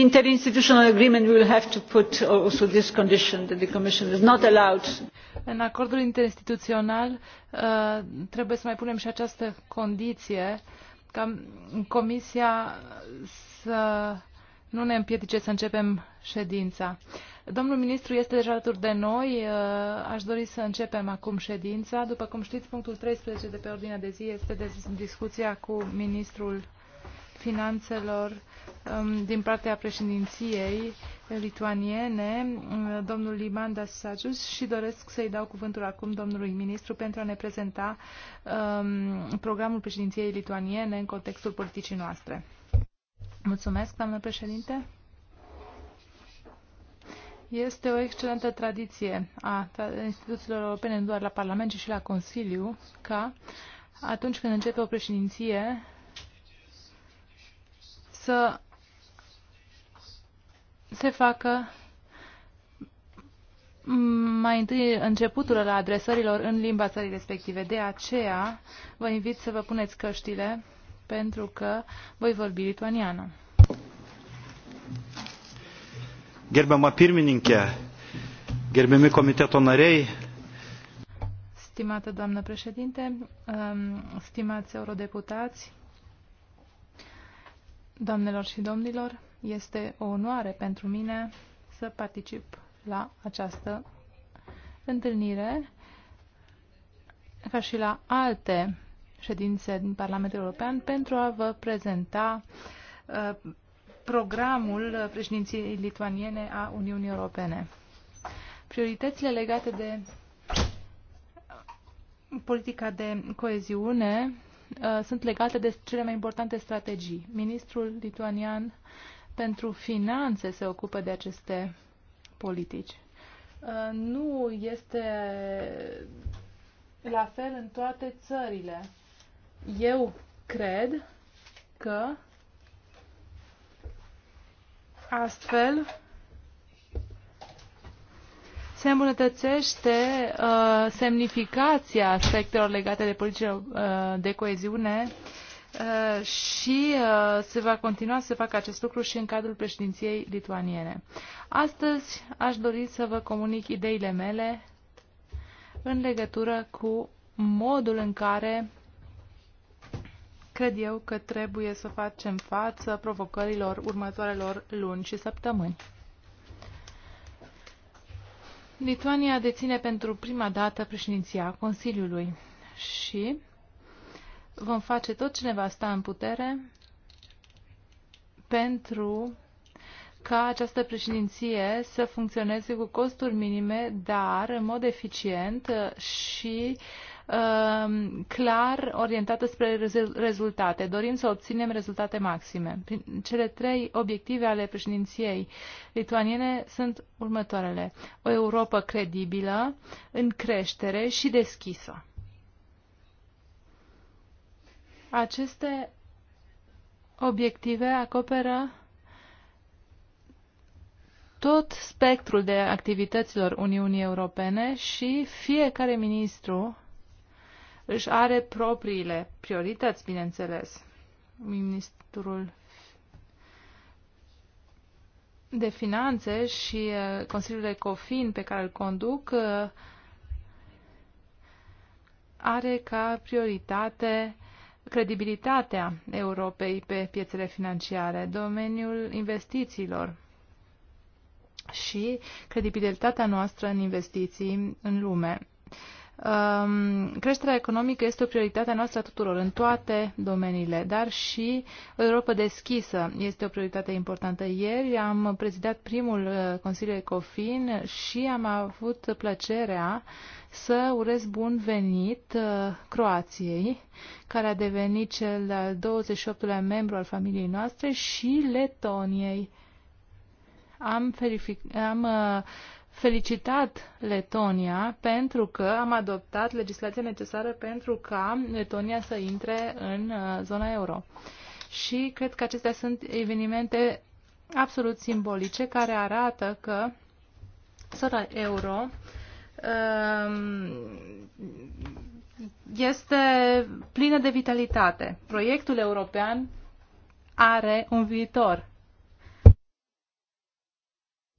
interinstitutional agreement we will have to put also this condition that the commission is not allowed în acordul interinstituțional uh, trebuie să mai punem și această condiție ca comisia să nu ne împiedice să începem ședința. Domnul ministru este deja alături de noi. Uh, aș dori să începem acum ședința. După cum știți, punctul 13 de pe ordinea de zi este de discuția cu ministrul finanțelor um, din partea președinției lituaniene, um, domnul Limandas Sajus, și doresc să-i dau cuvântul acum domnului ministru pentru a ne prezenta um, programul președinției lituaniene în contextul politicii noastre. Mulțumesc, doamnă președinte. Este o excelentă tradiție a instituțiilor europene, nu doar la Parlament, ci și la Consiliu, ca atunci când începe o președinție, să se facă mai întâi începutul la adresărilor în limba țării respective. De aceea vă invit să vă puneți căștile pentru că voi vorbi lituaniană. Gerbiama pirmininkė, gerbiami komiteto nariai. Stimată doamnă președinte, um, stimați eurodeputați, Doamnelor și domnilor, este o onoare pentru mine să particip la această întâlnire, ca și la alte ședințe din Parlamentul European, pentru a vă prezenta uh, programul președinției lituaniene a Uniunii Europene. Prioritățile legate de politica de coeziune Uh, sunt legate de cele mai importante strategii. Ministrul lituanian pentru finanțe se ocupă de aceste politici. Uh, nu este la fel în toate țările. Eu cred că astfel se îmbunătățește uh, semnificația aspectelor legate de politicile uh, de coeziune uh, și uh, se va continua să facă acest lucru și în cadrul președinției lituaniene. Astăzi aș dori să vă comunic ideile mele în legătură cu modul în care cred eu că trebuie să facem față provocărilor următoarelor luni și săptămâni. Lituania deține pentru prima dată președinția Consiliului și vom face tot ce ne va sta în putere pentru ca această președinție să funcționeze cu costuri minime, dar în mod eficient și uh, Um, clar orientată spre rezultate. Dorim să obținem rezultate maxime. Cele trei obiective ale președinției lituaniene sunt următoarele. O Europa credibilă, în creștere și deschisă. Aceste obiective acoperă tot spectrul de activităților Uniunii Europene și fiecare ministru își are propriile priorități, bineînțeles. Ministrul de Finanțe și uh, Consiliul Ecofin pe care îl conduc uh, are ca prioritate credibilitatea Europei pe piețele financiare, domeniul investițiilor și credibilitatea noastră în investiții în lume. Um, creșterea economică este o prioritate a noastră a tuturor, în toate domeniile, dar și Europa deschisă este o prioritate importantă. Ieri am prezidat primul uh, Consiliu Ecofin și am avut plăcerea să urez bun venit uh, Croației, care a devenit cel al 28-lea membru al familiei noastre, și Letoniei. Am, verific- am uh, felicitat Letonia pentru că am adoptat legislația necesară pentru ca Letonia să intre în uh, zona euro. Și cred că acestea sunt evenimente absolut simbolice care arată că zona euro um, este plină de vitalitate. Proiectul european are un viitor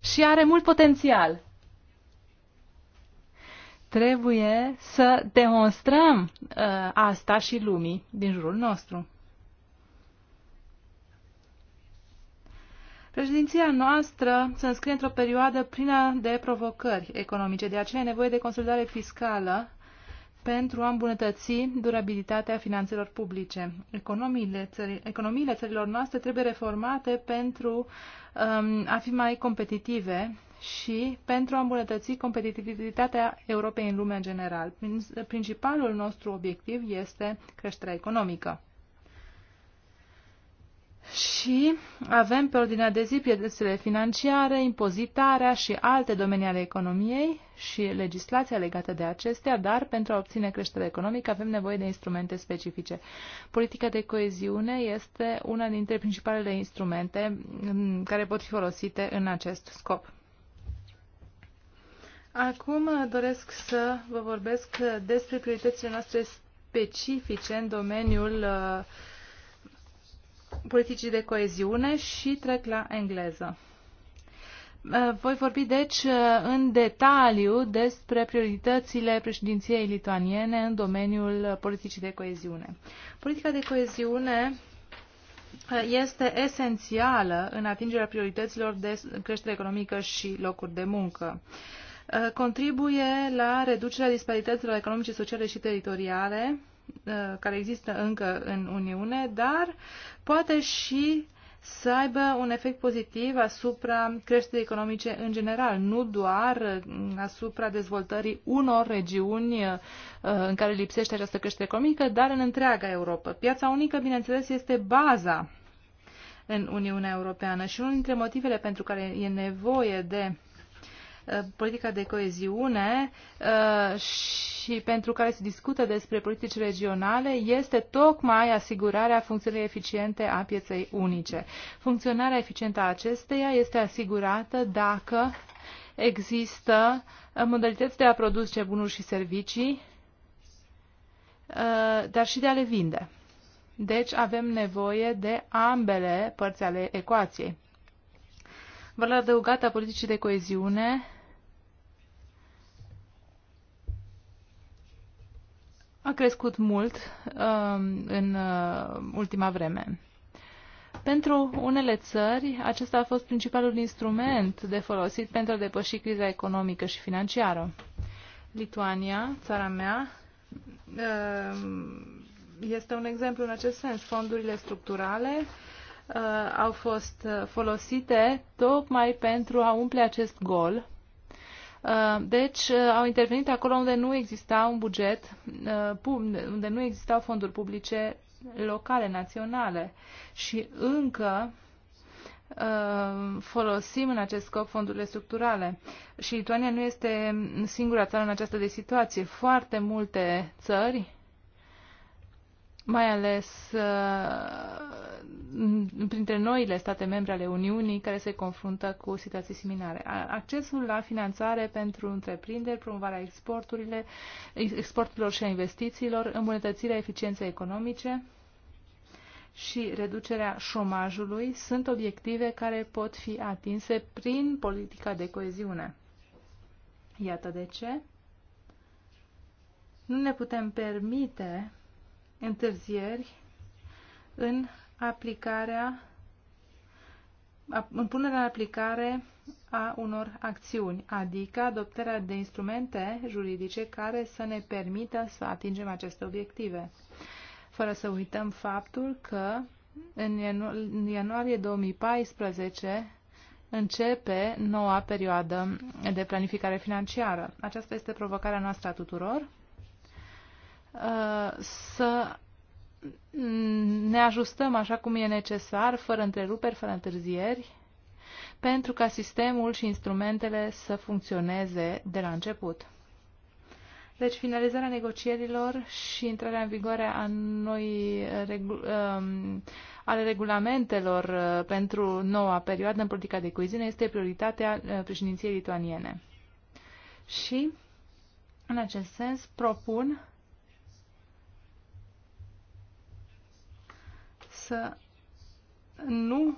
și are mult potențial. Trebuie să demonstrăm uh, asta și lumii din jurul nostru. Președinția noastră se înscrie într-o perioadă plină de provocări economice, de aceea e nevoie de consolidare fiscală pentru a îmbunătăți durabilitatea finanțelor publice. Economiile, țări, economiile țărilor noastre trebuie reformate pentru um, a fi mai competitive și pentru a îmbunătăți competitivitatea Europei în lume în general. Principalul nostru obiectiv este creșterea economică și avem pe ordinea de zi pierderile financiare, impozitarea și alte domenii ale economiei și legislația legată de acestea, dar pentru a obține creștere economică avem nevoie de instrumente specifice. Politica de coeziune este una dintre principalele instrumente mm, care pot fi folosite în acest scop. Acum uh, doresc să vă vorbesc uh, despre prioritățile noastre specifice în domeniul uh, politicii de coeziune și trec la engleză. Uh, voi vorbi, deci, uh, în detaliu despre prioritățile președinției lituaniene în domeniul uh, politicii de coeziune. Politica de coeziune este esențială în atingerea priorităților de creștere economică și locuri de muncă. Contribuie la reducerea disparităților economice, sociale și teritoriale, Uh, care există încă în Uniune, dar poate și să aibă un efect pozitiv asupra creșterii economice în general, nu doar asupra dezvoltării unor regiuni uh, în care lipsește această creștere economică, dar în întreaga Europa. Piața unică, bineînțeles, este baza în Uniunea Europeană și unul dintre motivele pentru care e nevoie de Uh, politica de coeziune uh, și pentru care se discută despre politici regionale este tocmai asigurarea funcției eficiente a pieței unice. Funcționarea eficientă a acesteia este asigurată dacă există uh, modalități de a produce bunuri și servicii, dar și de a le vinde. Deci avem nevoie de ambele părți ale ecuației. Valoarea adăugată a politicii de coeziune a crescut mult um, în uh, ultima vreme. Pentru unele țări, acesta a fost principalul instrument de folosit pentru a depăși criza economică și financiară. Lituania, țara mea, um, este un exemplu în acest sens. Fondurile structurale uh, au fost folosite tocmai pentru a umple acest gol Uh, deci uh, au intervenit acolo unde nu exista un buget, uh, unde nu existau fonduri publice locale, naționale. Și încă folosim în acest scop fondurile structurale. Și Lituania nu este singura țară în această de situație. Foarte multe țări mai ales uh, printre noile state membre ale Uniunii care se confruntă cu situații similare. Accesul la finanțare pentru întreprinderi, promovarea exporturile, exporturilor și a investițiilor, îmbunătățirea eficienței economice și reducerea șomajului sunt obiective care pot fi atinse prin politica de coeziune. Iată de ce. Nu ne putem permite întârzieri în aplicarea în punerea în aplicare a unor acțiuni, adică adoptarea de instrumente juridice care să ne permită să atingem aceste obiective. Fără să uităm faptul că în ianuarie 2014 începe noua perioadă de planificare financiară. Aceasta este provocarea noastră a tuturor Uh, să ne ajustăm așa cum e necesar, fără întreruperi, fără întârzieri, pentru ca sistemul și instrumentele să funcționeze de la început. Deci finalizarea negocierilor și intrarea în vigoare a noi um, ale regulamentelor uh, pentru noua perioadă în politica de coeziune este prioritatea uh, președinției lituaniene. Și, în acest sens, propun să nu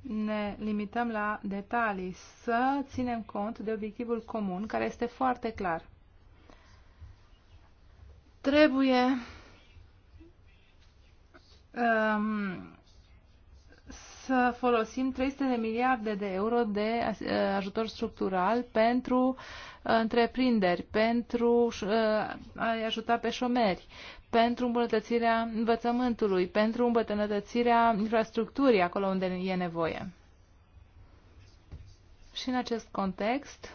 ne limităm la detalii, să ținem cont de obiectivul comun, care este foarte clar. Trebuie um, să folosim 300 de miliarde de euro de eh, ajutor structural pentru eh, întreprinderi, pentru eh, a ajuta pe șomeri, pentru îmbunătățirea învățământului, pentru îmbunătățirea infrastructurii acolo unde e nevoie. Și în acest context,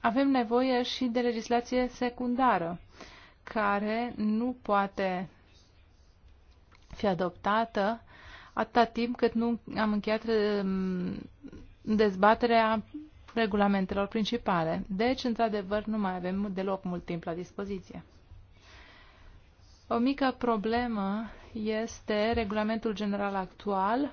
avem nevoie și de legislație secundară care nu poate fi adoptată atâta timp cât nu am încheiat um, dezbaterea regulamentelor principale. Deci, într-adevăr, nu mai avem deloc mult timp la dispoziție. O mică problemă este regulamentul general actual,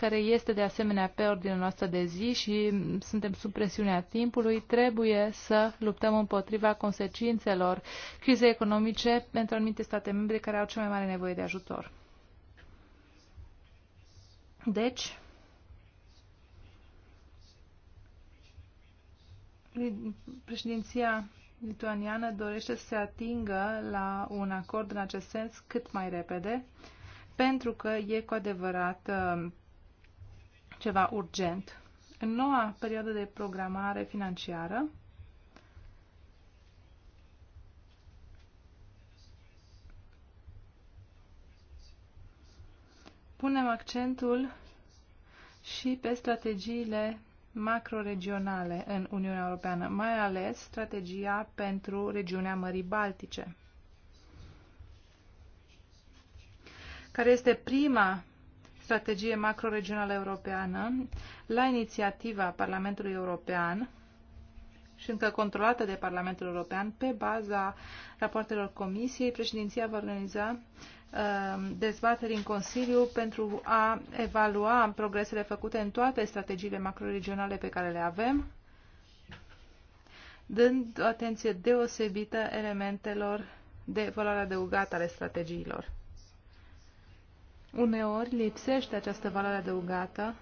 care este de asemenea pe ordinea noastră de zi și suntem sub presiunea timpului, trebuie să luptăm împotriva consecințelor crizei economice pentru anumite state membre care au cea mai mare nevoie de ajutor. Deci, președinția lituaniană dorește să se atingă la un acord în acest sens cât mai repede, pentru că e cu adevărat ceva urgent. În noua perioadă de programare financiară, punem accentul și pe strategiile macroregionale în Uniunea Europeană, mai ales strategia pentru regiunea Mării Baltice, care este prima strategie macroregională europeană la inițiativa Parlamentului European și încă controlată de Parlamentul European pe baza rapoartelor Comisiei, președinția va organiza um, dezbateri în Consiliu pentru a evalua progresele făcute în toate strategiile macroregionale pe care le avem, dând o atenție deosebită elementelor de valoare adăugată ale strategiilor uneori lipsește această valoare adăugată,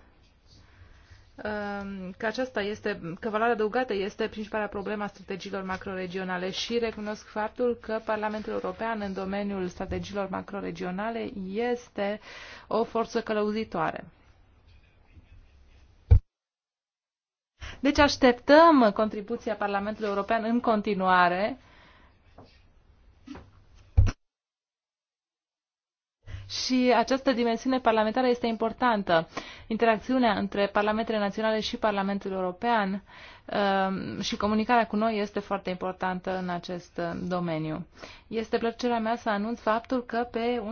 um, că aceasta este, că valoarea adăugată este principala problema a strategiilor macroregionale și recunosc faptul că Parlamentul European în domeniul strategiilor macroregionale este o forță călăuzitoare. Deci așteptăm contribuția Parlamentului European în continuare și această dimensiune parlamentară este importantă. Interacțiunea între parlamentele naționale și Parlamentul European Um, și comunicarea cu noi este foarte importantă în acest uh, domeniu. Este plăcerea mea să anunț faptul că pe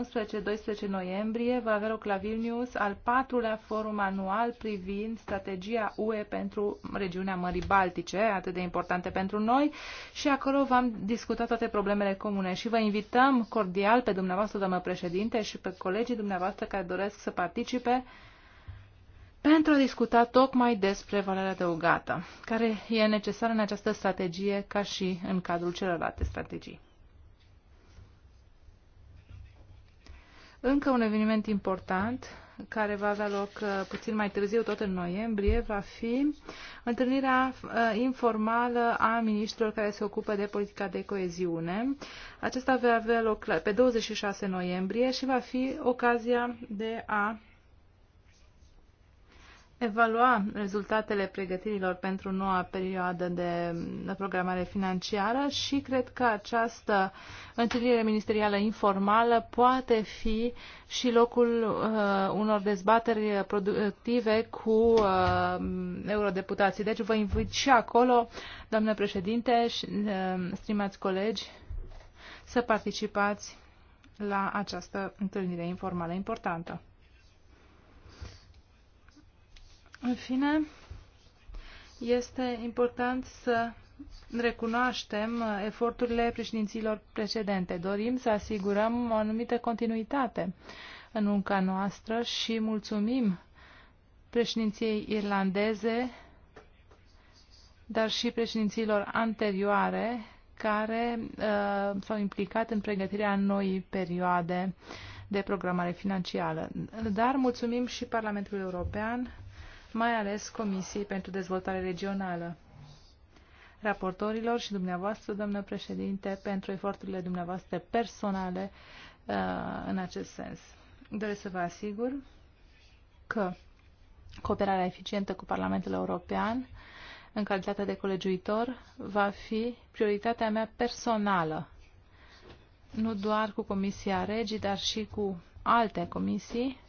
11-12 noiembrie va avea loc la Vilnius al patrulea forum anual privind strategia UE pentru regiunea Mării Baltice, atât de importante pentru noi, și acolo vom discuta toate problemele comune și vă invităm cordial pe dumneavoastră, doamnă președinte, și pe colegii dumneavoastră care doresc să participe pentru a discuta tocmai despre valoarea adăugată, care e necesară în această strategie ca și în cadrul celorlalte strategii. Încă un eveniment important care va avea loc uh, puțin mai târziu, tot în noiembrie, va fi uh, întâlnirea uh, informală a ministrilor care se ocupă de politica de coeziune. Aceasta va avea loc pe 26 noiembrie și va fi ocazia de a evalua rezultatele pregătirilor pentru noua perioadă de programare financiară și cred că această întâlnire ministerială informală poate fi și locul uh, unor dezbateri productive cu uh, eurodeputații. Deci vă invit și acolo, doamnă președinte, și, uh, stimați colegi, să participați la această întâlnire informală importantă. În fine, este important să recunoaștem eforturile președinților precedente. Dorim să asigurăm o anumită continuitate în munca noastră și mulțumim președinției irlandeze, dar și președinților anterioare care uh, s-au implicat în pregătirea noii perioade de programare financiară. Dar mulțumim și Parlamentului European mai ales Comisiei pentru Dezvoltare Regională. Raportorilor și dumneavoastră, domnule președinte, pentru eforturile dumneavoastră personale uh, în acest sens. Doresc să vă asigur că cooperarea eficientă cu Parlamentul European, în calitate de colegiuitor, va fi prioritatea mea personală, nu doar cu Comisia Regii, dar și cu alte comisii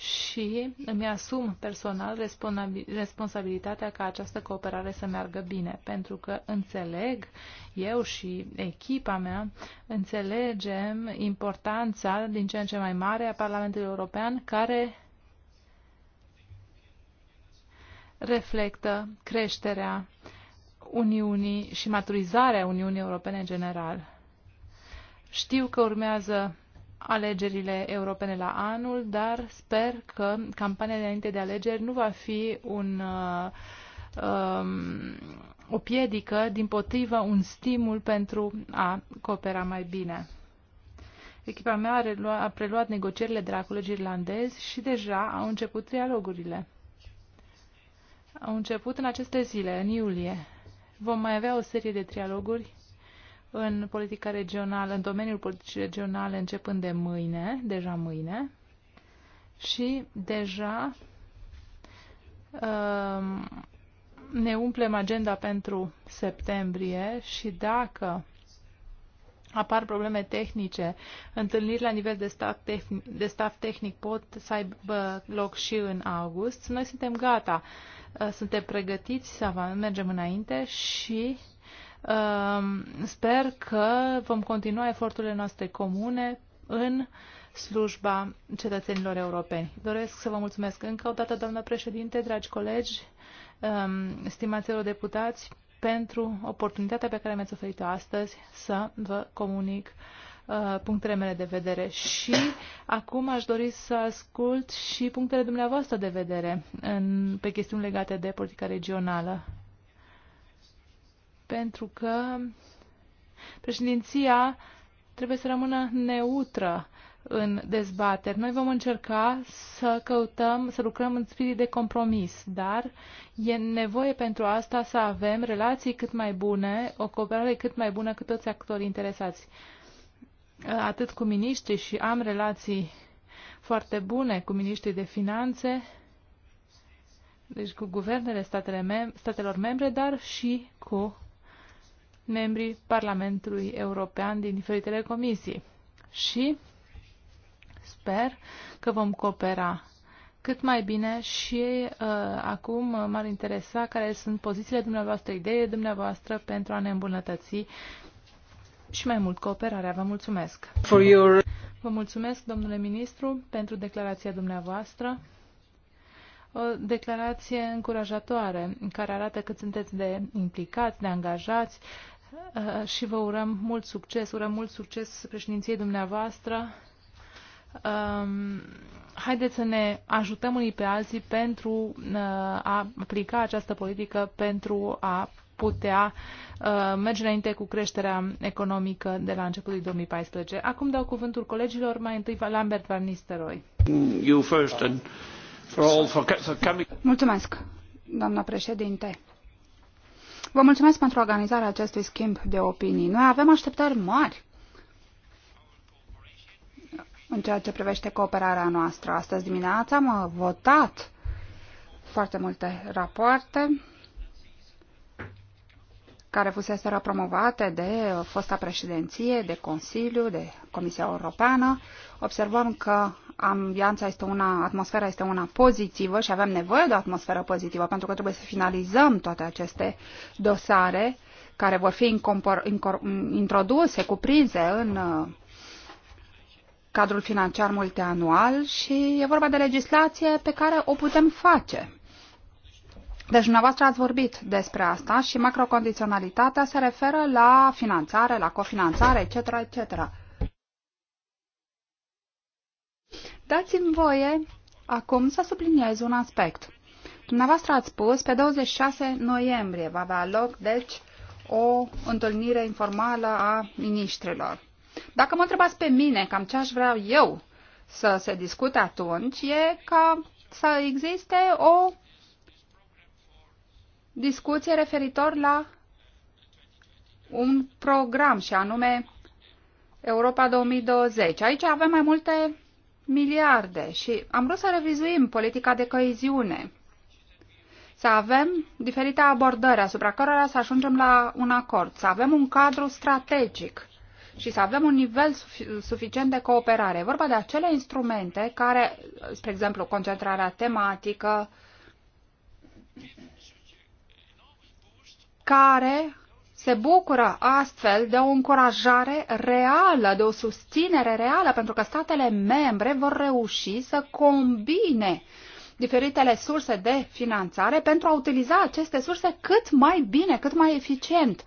și îmi asum personal responsabilitatea ca această cooperare să meargă bine, pentru că înțeleg, eu și echipa mea, înțelegem importanța din ce în ce mai mare a Parlamentului European care reflectă creșterea Uniunii și maturizarea Uniunii Europene în general. Știu că urmează alegerile europene la anul, dar sper că campania înainte de alegeri nu va fi un, uh, um, o piedică, din potrivă un stimul pentru a coopera mai bine. Echipa mea a, relua, a preluat negocierile de la colegii irlandezi și deja au început trialogurile. Au început în aceste zile, în iulie. Vom mai avea o serie de trialoguri în politica regională, în domeniul politicii regionale, începând de mâine, deja mâine, și deja um, ne umplem agenda pentru septembrie și dacă apar probleme tehnice, întâlniri la nivel de staff, tehnic, de staff tehnic pot să aibă loc și în august. Noi suntem gata, uh, suntem pregătiți să mergem înainte și uh, Um, sper că vom continua eforturile noastre comune în slujba cetățenilor europeni. Doresc să vă mulțumesc încă o dată, doamnă președinte, dragi colegi, um, stimați deputați, pentru oportunitatea pe care mi-ați oferit-o astăzi să vă comunic uh, punctele mele de vedere și acum aș dori să ascult și punctele dumneavoastră de vedere în, pe chestiuni legate de politica regională pentru că președinția trebuie să rămână neutră în dezbateri. Noi vom încerca să căutăm, să lucrăm în spirit de compromis, dar e nevoie pentru asta să avem relații cât mai bune, o cooperare cât mai bună cu toți actorii interesați. Atât cu miniștri și am relații foarte bune cu miniștrii de finanțe, deci cu guvernele statele mem- statelor membre, dar și cu membrii Parlamentului European din diferitele comisii. Și sper că vom coopera cât mai bine și uh, acum m-ar interesa care sunt pozițiile dumneavoastră, ideile dumneavoastră pentru a ne îmbunătăți și mai mult cooperarea. Vă mulțumesc! For your... Vă mulțumesc, domnule ministru, pentru declarația dumneavoastră. O declarație încurajatoare, care arată cât sunteți de implicați, de angajați Uh, și vă urăm mult succes, urăm mult succes președinției dumneavoastră. Um, haideți să ne ajutăm unii pe alții pentru uh, a aplica această politică, pentru a putea uh, merge înainte cu creșterea economică de la începutul 2014. Acum dau cuvântul colegilor, mai întâi Lambert Van Nistelrooy. Mulțumesc, doamna președinte Vă mulțumesc pentru organizarea acestui schimb de opinii. Noi avem așteptări mari în ceea ce privește cooperarea noastră. Astăzi dimineața am votat foarte multe rapoarte care fusese promovate de fosta președinție, de Consiliu, de Comisia Europeană. Observăm că ambianța este una, atmosfera este una pozitivă și avem nevoie de o atmosferă pozitivă pentru că trebuie să finalizăm toate aceste dosare care vor fi introduse, cuprinse în uh, cadrul financiar multianual și e vorba de legislație pe care o putem face. Deci, dumneavoastră ați vorbit despre asta și macrocondiționalitatea se referă la finanțare, la cofinanțare, etc., etc. Dați-mi voie acum să subliniez un aspect. Dumneavoastră ați spus, pe 26 noiembrie va avea loc, deci, o întâlnire informală a ministrilor. Dacă mă întrebați pe mine cam ce aș vrea eu să se discute atunci, e ca să existe o discuție referitor la un program și anume Europa 2020. Aici avem mai multe miliarde și am vrut să revizuim politica de coeziune, să avem diferite abordări asupra cărora să ajungem la un acord, să avem un cadru strategic și să avem un nivel suficient de cooperare. E vorba de acele instrumente care, spre exemplu, concentrarea tematică, care se bucură astfel de o încurajare reală, de o susținere reală, pentru că statele membre vor reuși să combine diferitele surse de finanțare pentru a utiliza aceste surse cât mai bine, cât mai eficient.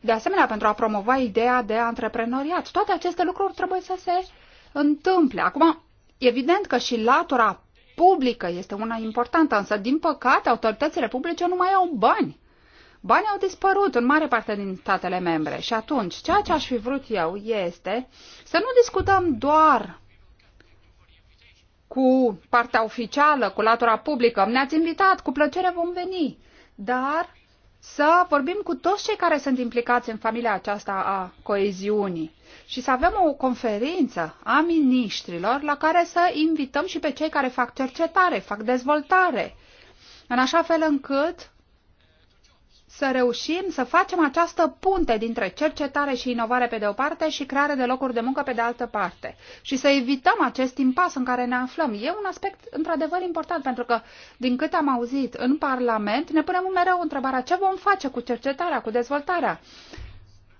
De asemenea, pentru a promova ideea de antreprenoriat. Toate aceste lucruri trebuie să se întâmple. Acum, evident că și latura publică este una importantă, însă, din păcate, autoritățile publice nu mai au bani Banii au dispărut în mare parte din statele membre și atunci ceea ce aș fi vrut eu este să nu discutăm doar cu partea oficială, cu latura publică. Ne-ați invitat, cu plăcere vom veni. Dar să vorbim cu toți cei care sunt implicați în familia aceasta a coeziunii și să avem o conferință a miniștrilor la care să invităm și pe cei care fac cercetare, fac dezvoltare, în așa fel încât să reușim să facem această punte dintre cercetare și inovare pe de o parte și creare de locuri de muncă pe de altă parte și să evităm acest impas în care ne aflăm. E un aspect într-adevăr important pentru că, din câte am auzit în Parlament, ne punem mereu întrebarea ce vom face cu cercetarea, cu dezvoltarea.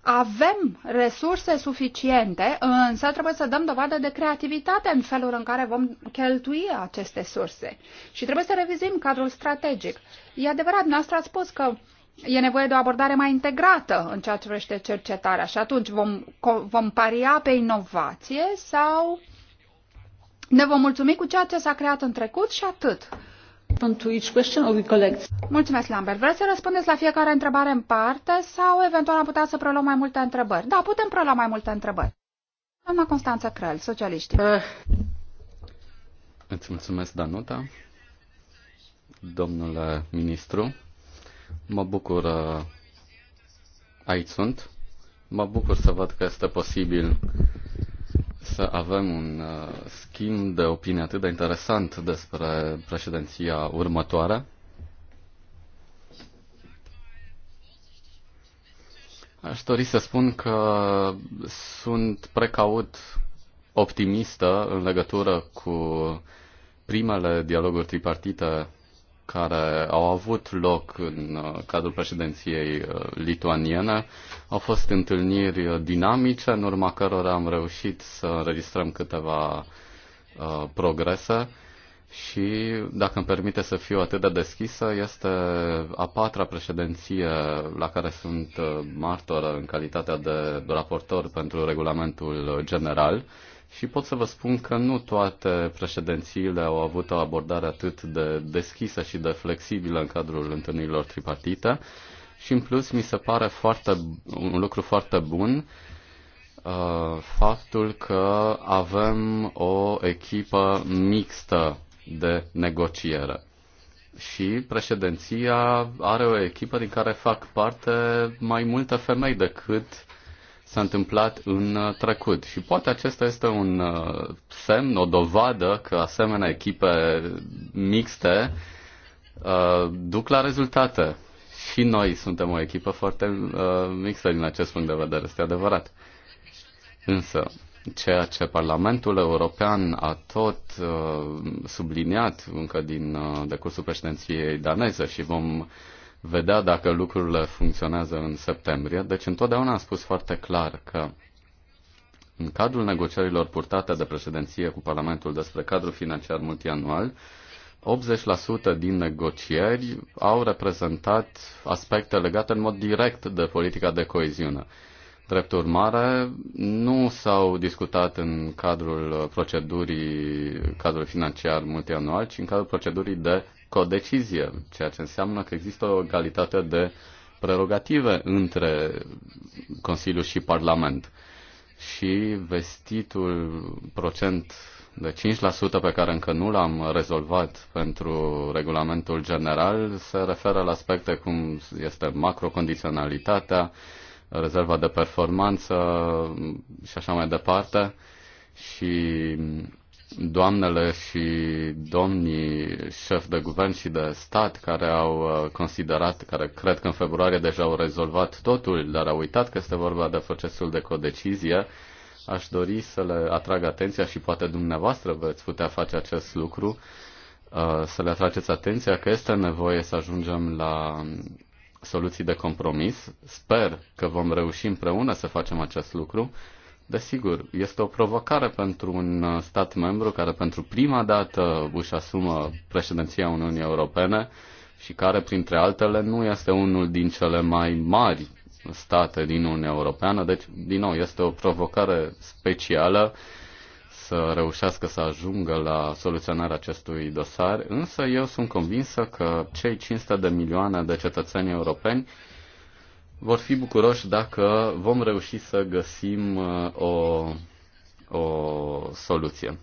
Avem resurse suficiente, însă trebuie să dăm dovadă de creativitate în felul în care vom cheltui aceste surse. Și trebuie să revizim cadrul strategic. E adevărat, noastră ați spus că e nevoie de o abordare mai integrată în ceea ce privește cercetarea și atunci vom, vom paria pe inovație sau ne vom mulțumi cu ceea ce s-a creat în trecut și atât. Mulțumesc, Lambert. Vreți să răspundeți la fiecare întrebare în parte sau eventual am putea să preluăm mai multe întrebări? Da, putem prelua mai multe întrebări. Doamna Constanța Crăl, socialiști. Uh. Eh, îți mulțumesc, Danuta. Domnule ministru, Mă bucur, uh, aici sunt. Mă bucur să văd că este posibil să avem un uh, schimb de opinie atât de interesant despre președinția următoare. Aș dori să spun că sunt precaut optimistă în legătură cu primele dialoguri tripartite care au avut loc în uh, cadrul președinției uh, lituaniene au fost întâlniri uh, dinamice, în urma cărora am reușit să înregistrăm câteva progrese și, dacă îmi permite să fiu atât de deschisă, este a patra președinție la care sunt martoră în calitatea de raportor pentru regulamentul general și pot să vă spun că nu toate președințiile au avut o abordare atât de deschisă și de flexibilă în cadrul întâlnirilor tripartite. Și în plus mi se pare foarte, un lucru foarte bun uh, faptul că avem o echipă mixtă de negociere. Și președinția are o echipă din care fac parte mai multe femei decât s-a întâmplat în uh, trecut. Și poate acesta este un uh, semn, o dovadă că asemenea echipe mixte uh, duc la rezultate. Și noi suntem o echipă foarte mixtă din acest punct de vedere, este adevărat. Însă, ceea ce Parlamentul European a tot subliniat încă din decursul președinției daneze și vom vedea dacă lucrurile funcționează în septembrie. Deci întotdeauna a spus foarte clar că în cadrul negocierilor purtate de președinție cu Parlamentul despre cadrul financiar multianual, 80% din negocieri au reprezentat aspecte legate în mod direct de politica de coeziune. Drept urmare, nu s-au discutat în cadrul procedurii cadrul financiar multianual, ci în cadrul procedurii de codecizie, ceea ce înseamnă că există o egalitate de prerogative între Consiliu și Parlament. Și vestitul procent de 5% pe care încă nu l-am rezolvat pentru regulamentul general se referă la aspecte cum este macrocondiționalitatea, rezerva de performanță și așa mai departe. Și doamnele și domnii șef de guvern și de stat care au uh, considerat, care cred că în februarie deja au rezolvat totul, dar au uitat că este vorba de procesul de codecizie, aș dori să le atrag atenția și poate dumneavoastră veți putea face acest lucru, uh, să le atrageți atenția că este nevoie să ajungem la soluții de compromis. Sper că vom reuși împreună să facem acest lucru Desigur, este o provocare pentru un uh, stat membru care pentru prima dată își asumă președinția Uniunii Europene și care, printre altele, nu este unul din cele mai mari state din Uniunea Europeană. Deci, din nou, este o provocare specială să reușească să ajungă la soluționarea acestui dosar, însă eu sunt convinsă că cei 500 de milioane de cetățeni europeni vor fi bucuroși dacă vom reuși să găsim uh, o, o soluție.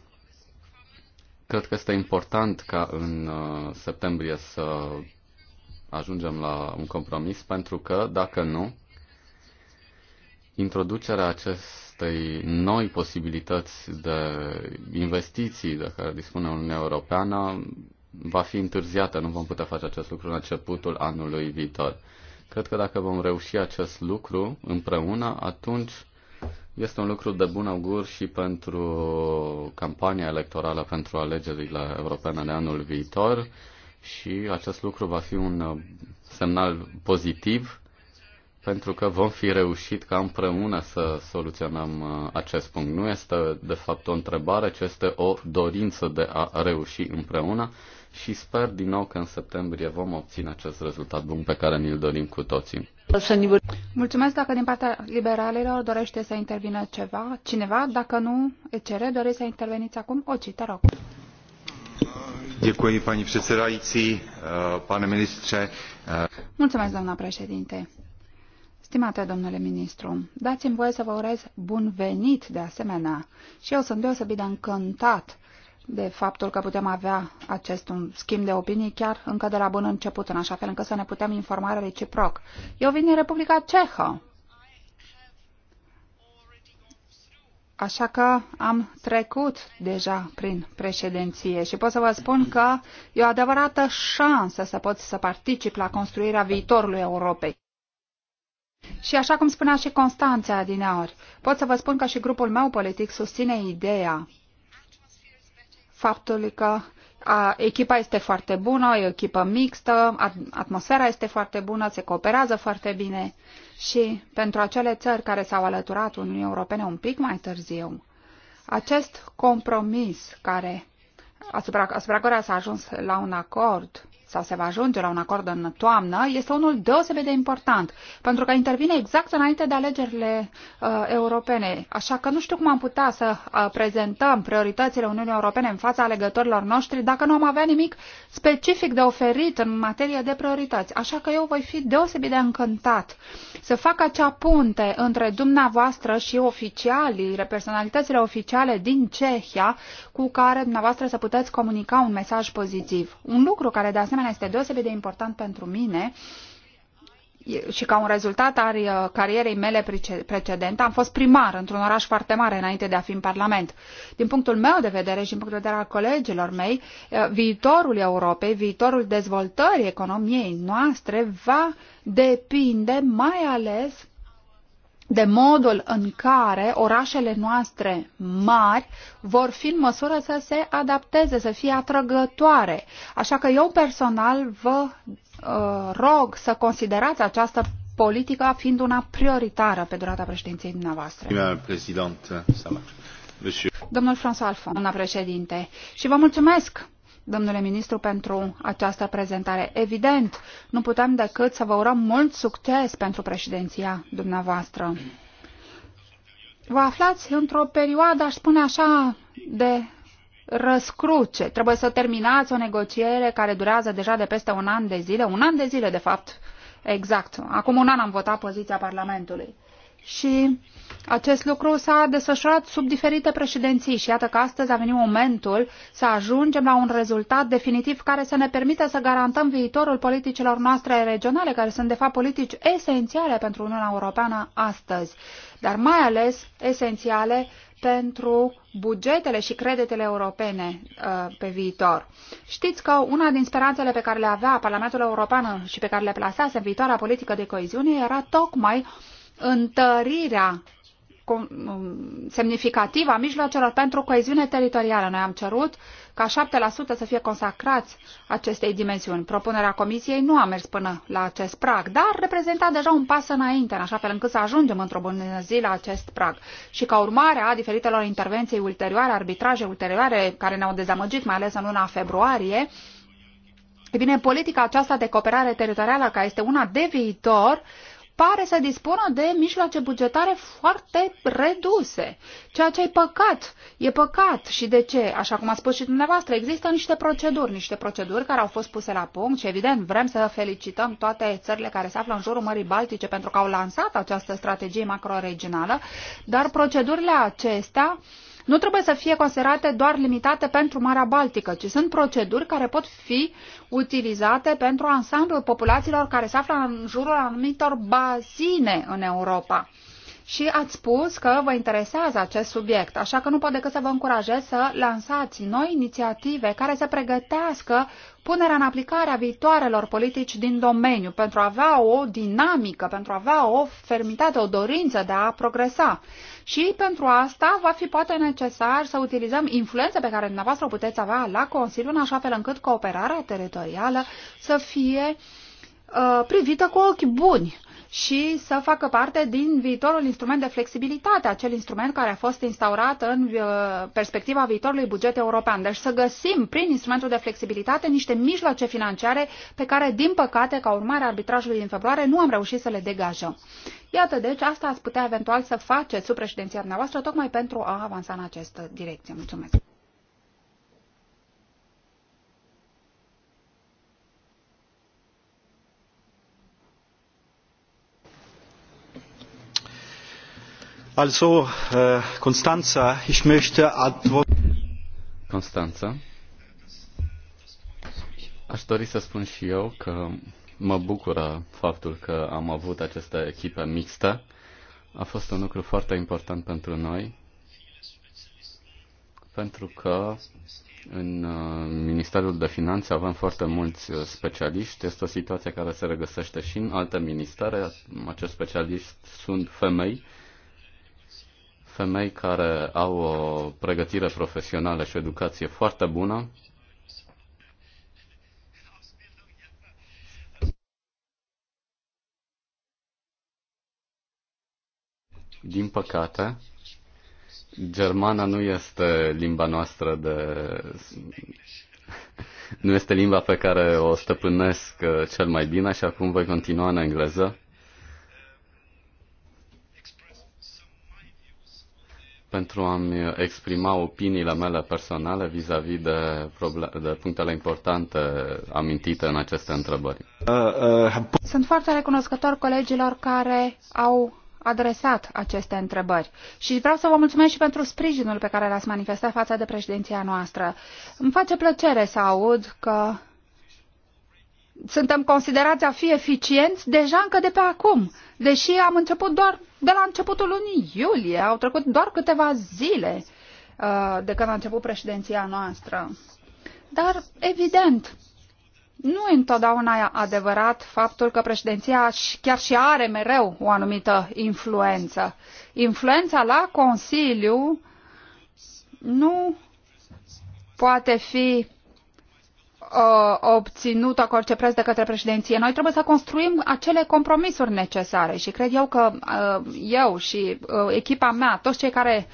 Cred că este important ca în uh, septembrie să ajungem la un compromis, pentru că, dacă nu, introducerea acestei noi posibilități de investiții de care dispune Uniunea Europeană va fi întârziată, nu vom putea face acest lucru în începutul anului viitor. Cred că dacă vom reuși acest lucru împreună, atunci este un lucru de bun augur și pentru campania electorală pentru alegerile europene de anul viitor și acest lucru va fi un uh, semnal pozitiv pentru că vom fi reușit ca împreună să soluționăm uh, acest punct. Nu este de fapt o întrebare, ci este o dorință de a reuși împreună și sper din nou că în septembrie vom obține acest rezultat bun pe care ni-l dorim cu toții. Mulțumesc dacă din partea liberalilor dorește să intervină ceva, cineva, dacă nu cere doriți să interveniți acum, o te rog. Děkuji, paní předsedající, pane ministře. Mulțumesc, doamna președinte. Stimate domnule ministru, dați-mi voie să vă urez bun venit de asemenea și eu sunt deosebit de încântat de faptul că putem avea acest un schimb de opinii chiar încă de la bun început, în așa fel încât să ne putem informa reciproc. Eu vin din Republica Cehă, Așa că am trecut deja prin președinție și pot să vă spun că e o adevărată șansă să pot să particip la construirea viitorului Europei. Și așa cum spunea și Constanța adineori, pot să vă spun că și grupul meu politic susține ideea faptului că a, echipa este foarte bună, e o echipă mixtă, atmosfera este foarte bună, se cooperează foarte bine și pentru acele țări care s-au alăturat Uniunii Europene un pic mai târziu, acest compromis care, asupra, asupra care s-a ajuns la un acord sau se va ajunge la un acord în toamnă, este unul deosebit de important, pentru că intervine exact înainte de alegerile uh, europene. Așa că nu știu cum am putea să uh, prezentăm prioritățile Uniunii Europene în fața alegătorilor noștri dacă nu am avea nimic specific de oferit în materie de priorități. Așa că eu voi fi deosebit de încântat să fac acea punte între dumneavoastră și oficialii, personalitățile oficiale din Cehia, cu care dumneavoastră să puteți comunica un mesaj pozitiv. Un lucru care de asemenea asemenea, este deosebit de important pentru mine și ca un rezultat al uh, carierei mele precedente, am fost primar într-un oraș foarte mare înainte de a fi în Parlament. Din punctul meu de vedere și din punctul de vedere al colegilor mei, uh, viitorul Europei, viitorul dezvoltării economiei noastre va depinde mai ales de modul în care orașele noastre mari vor fi în măsură să se adapteze, să fie atrăgătoare. Așa că eu personal vă uh, rog să considerați această politică fiind una prioritară pe durata președinției dumneavoastră. Domnul François Alfon, doamna președinte, și vă mulțumesc domnule ministru, pentru această prezentare. Evident, nu putem decât să vă urăm mult succes pentru președinția dumneavoastră. Vă aflați într-o perioadă, aș spune așa, de răscruce. Trebuie să terminați o negociere care durează deja de peste un an de zile, un an de zile, de fapt, exact. Acum un an am votat poziția Parlamentului și acest lucru s-a desfășurat sub diferite președinții și iată că astăzi a venit momentul să ajungem la un rezultat definitiv care să ne permită să garantăm viitorul politicilor noastre regionale, care sunt de fapt politici esențiale pentru Uniunea Europeană astăzi, dar mai ales esențiale pentru bugetele și creditele europene uh, pe viitor. Știți că una din speranțele pe care le avea Parlamentul European și pe care le plasase în viitoarea politică de coeziune era tocmai uh, întărirea semnificativă a mijloacelor pentru coeziune teritorială. Noi am cerut ca 7% să fie consacrați acestei dimensiuni. Propunerea Comisiei nu a mers până la acest prag, dar reprezenta deja un pas înainte, în așa fel încât să ajungem într-o bună zi la acest prag. Și ca urmare a diferitelor intervenții ulterioare, arbitraje ulterioare, care ne-au dezamăgit, mai ales în luna februarie, E bine, politica aceasta de cooperare teritorială, care este una de viitor, uh, pare să dispună de mijloace bugetare foarte reduse, ceea ce e păcat. E păcat și de ce? Așa cum a spus și dumneavoastră, există niște proceduri, niște proceduri care au fost puse la punct și evident vrem să felicităm toate țările care se află în jurul Mării Baltice pentru că au lansat această strategie macroregională, dar procedurile acestea uh, nu trebuie să fie considerate doar limitate pentru Marea Baltică, ci sunt proceduri care pot fi utilizate pentru ansamblul populațiilor care se află în jurul anumitor bazine în Europa. Și ați spus că vă interesează acest subiect, așa că nu pot decât să vă încurajez să lansați noi inițiative care să pregătească punerea în aplicare a viitoarelor politici din domeniu pentru a avea o dinamică, pentru a avea o fermitate, o dorință de a progresa. Și pentru asta va fi poate necesar să utilizăm influența pe care dumneavoastră o puteți avea la Consiliu, în așa fel încât cooperarea teritorială să fie uh, privită cu ochi buni și să facă parte din viitorul instrument de flexibilitate, acel instrument care a fost instaurat în uh, perspectiva viitorului buget european. Deci să găsim prin instrumentul de flexibilitate niște mijloace financiare pe care, din păcate, ca urmare a arbitrajului din februarie, nu am reușit să le degajăm. Iată, deci, asta ați putea eventual să faceți sub președinția dumneavoastră, tocmai pentru a avansa în această direcție. Mulțumesc! Also, äh, ich möchte Constanța, aș dori să spun și eu că mă bucură faptul că am avut această echipă mixtă. A fost un lucru foarte important pentru noi, pentru că în uh, Ministerul de Finanțe avem foarte mulți uh, specialiști. Este o situație care se regăsește și în alte ministere. Acești specialiști sunt femei femei care au o pregătire profesională și o educație foarte bună. Din păcate, germana nu este limba noastră de nu este limba pe care o stăpânesc uh, cel mai bine, așa acum voi continua în engleză. pentru a-mi exprima opiniile mele personale vis-a-vis -vis de, de punctele importante amintite în aceste întrebări. Uh, uh, Sunt foarte recunoscător colegilor care au adresat aceste întrebări și vreau să vă mulțumesc și pentru sprijinul pe care l-ați manifestat față de președinția noastră. Îmi face plăcere să aud că suntem considerați a fi eficienți deja încă de pe acum, deși am început doar de la începutul lunii iulie, au trecut doar câteva zile uh, de când a început președinția noastră. Dar, evident, nu e întotdeauna adevărat faptul că președinția chiar și are mereu o anumită influență. Influența la Consiliu nu poate fi Uh, obținută cu orice preț de către președinție. Noi trebuie să construim acele compromisuri necesare și cred eu că uh, eu și uh, echipa mea, toți cei care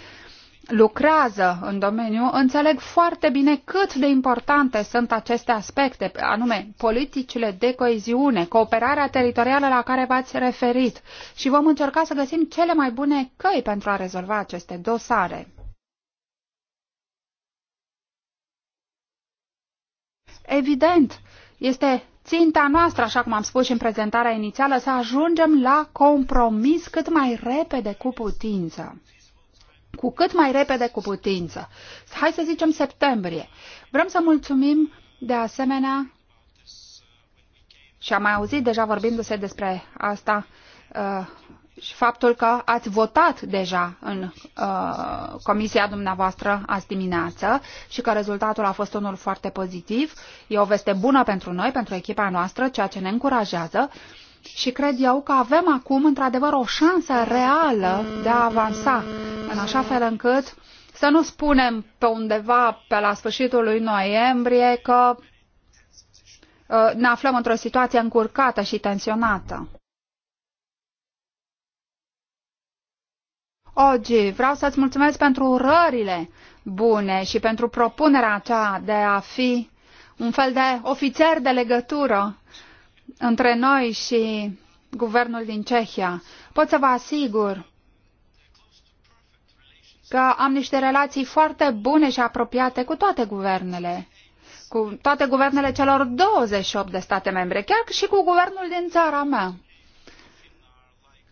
lucrează în domeniu, înțeleg foarte bine cât de importante sunt aceste aspecte, anume politicile de coeziune, cooperarea teritorială la care v-ați referit și vom încerca să găsim cele mai bune căi pentru a rezolva aceste dosare. Evident, este ținta noastră, așa cum am spus și în prezentarea inițială, să ajungem la compromis cât mai repede cu putință cu cât mai repede cu putință. Hai să zicem septembrie. Vrem să mulțumim de asemenea și am mai auzit deja vorbindu-se despre asta uh, și faptul că ați votat deja în uh, comisia dumneavoastră azi dimineață și că rezultatul a fost unul foarte pozitiv. E o veste bună pentru noi, pentru echipa noastră, ceea ce ne încurajează și cred eu că avem acum într-adevăr o șansă reală de a avansa în așa fel încât să nu spunem pe undeva pe la sfârșitul lui noiembrie că uh, ne aflăm într-o situație încurcată și tensionată. Ogi, vreau să-ți mulțumesc pentru urările bune și pentru propunerea aceea de a fi un fel de ofițer de legătură între noi și guvernul din Cehia. Pot să vă asigur că am niște relații foarte bune și apropiate cu toate guvernele, cu toate guvernele celor 28 de state membre, chiar și cu guvernul din țara mea.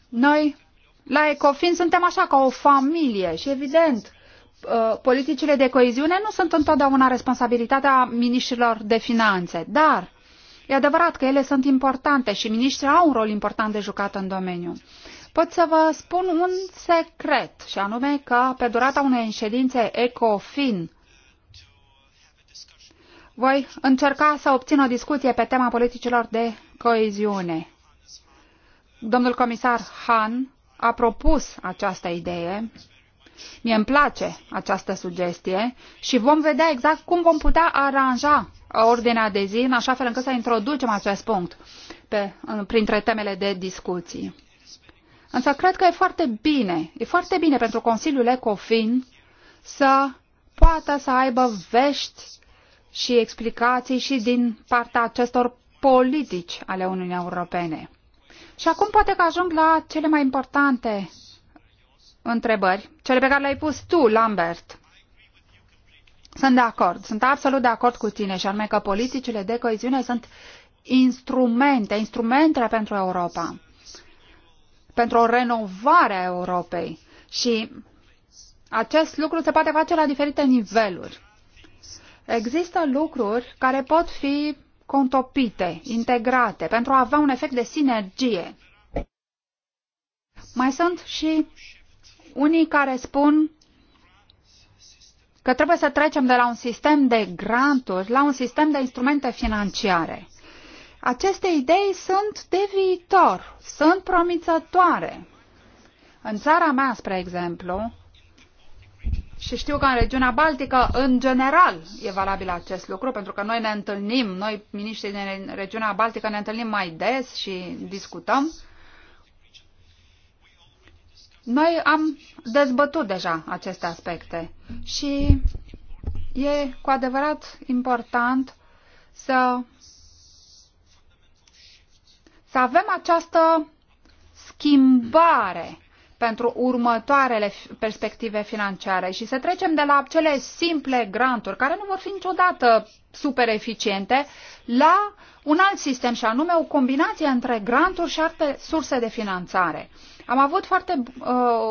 Noi la Ecofin suntem așa ca o familie și evident uh, politicile de coeziune nu sunt întotdeauna responsabilitatea miniștrilor de finanțe, dar e adevărat că ele sunt importante și miniștrii au un rol important de jucat în domeniu. Pot să vă spun un secret, și anume că pe durata unei înședințe ECOFIN voi încerca să obțin o discuție pe tema politicilor de coeziune. Domnul comisar Han a propus această idee. Mie îmi place această sugestie și vom vedea exact cum vom putea aranja ordinea de zi în așa fel încât să introducem acest punct pe, printre temele de discuții. Însă cred că e foarte bine, e foarte bine pentru Consiliul Ecofin să poată să aibă vești și explicații și din partea acestor politici ale Uniunii Europene. Și acum poate că ajung la cele mai importante întrebări, cele pe care le-ai pus tu, Lambert. Sunt de acord, sunt absolut de acord cu tine și anume că politicile de coeziune sunt instrumente, instrumentele pentru Europa, pentru o renovare a Europei și acest lucru se poate face la diferite niveluri. Există lucruri care pot fi contopite, integrate, pentru a avea un efect de sinergie. Mai sunt și unii care spun că trebuie să trecem de la un sistem de granturi la un sistem de instrumente financiare. Aceste idei sunt de viitor, sunt promițătoare. În țara mea, spre exemplu, și știu că în regiunea Baltică, în general, e valabil acest lucru, pentru că noi ne întâlnim, noi, miniștrii din regiunea Baltică, ne întâlnim mai des și discutăm. Noi am dezbătut deja aceste aspecte și e cu adevărat important să, să avem această schimbare pentru următoarele perspective financiare și să trecem de la cele simple granturi, care nu vor fi niciodată super eficiente, la un alt sistem și anume o combinație între granturi și alte surse de finanțare. Am avut foarte, uh,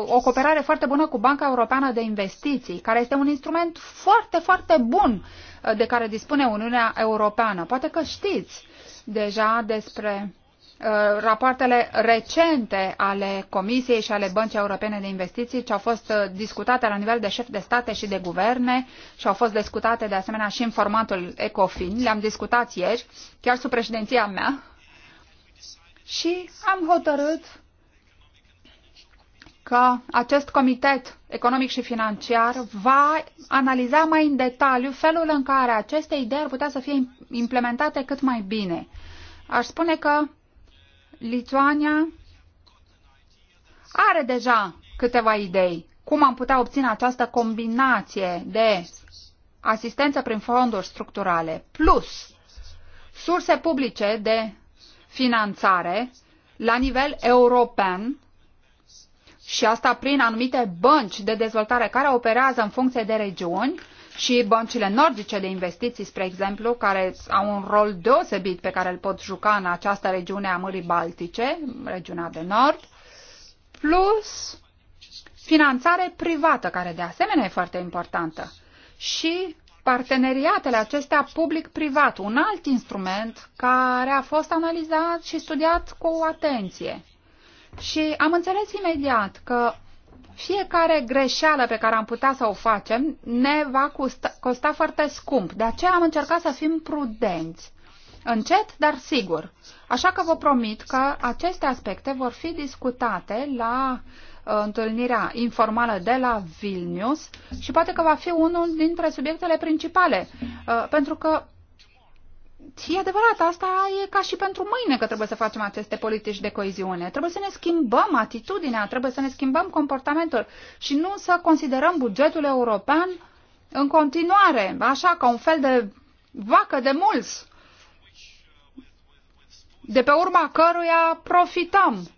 o cooperare foarte bună cu Banca Europeană de Investiții, care este un instrument foarte, foarte bun uh, de care dispune Uniunea Europeană. Poate că știți deja despre Uh, rapoartele recente ale Comisiei și ale Băncii Europene de Investiții, ce au fost uh, discutate la nivel de șef de state și de guverne și au fost discutate de asemenea și în formatul ECOFIN, le-am discutat ieri, chiar sub președinția mea, și am hotărât că acest comitet economic și financiar va analiza mai în detaliu felul în care aceste idei ar putea să fie implementate cât mai bine. Aș spune că Lituania are deja câteva idei cum am putea obține această combinație de asistență prin fonduri structurale plus surse publice de finanțare la nivel european și asta prin anumite bănci de dezvoltare care operează în funcție de regiuni și băncile nordice de investiții, spre exemplu, care au un rol deosebit pe care îl pot juca în această regiune a Mării Baltice, regiunea de nord, plus finanțare privată, care de asemenea e foarte importantă. Și parteneriatele acestea public-privat, un alt instrument care a fost analizat și studiat cu atenție. Și am înțeles imediat că fiecare greșeală pe care am putea să o facem ne va costa, costa foarte scump. De aceea am încercat să fim prudenți. Încet, dar sigur. Așa că vă promit că aceste aspecte vor fi discutate la uh, întâlnirea informală de la Vilnius și poate că va fi unul dintre subiectele principale, uh, pentru că E adevărat, asta e ca și pentru mâine că trebuie să facem aceste politici de coeziune. Trebuie să ne schimbăm atitudinea, trebuie să ne schimbăm comportamentul și nu să considerăm bugetul european în continuare, așa ca un fel de vacă de mulți, de pe urma căruia profităm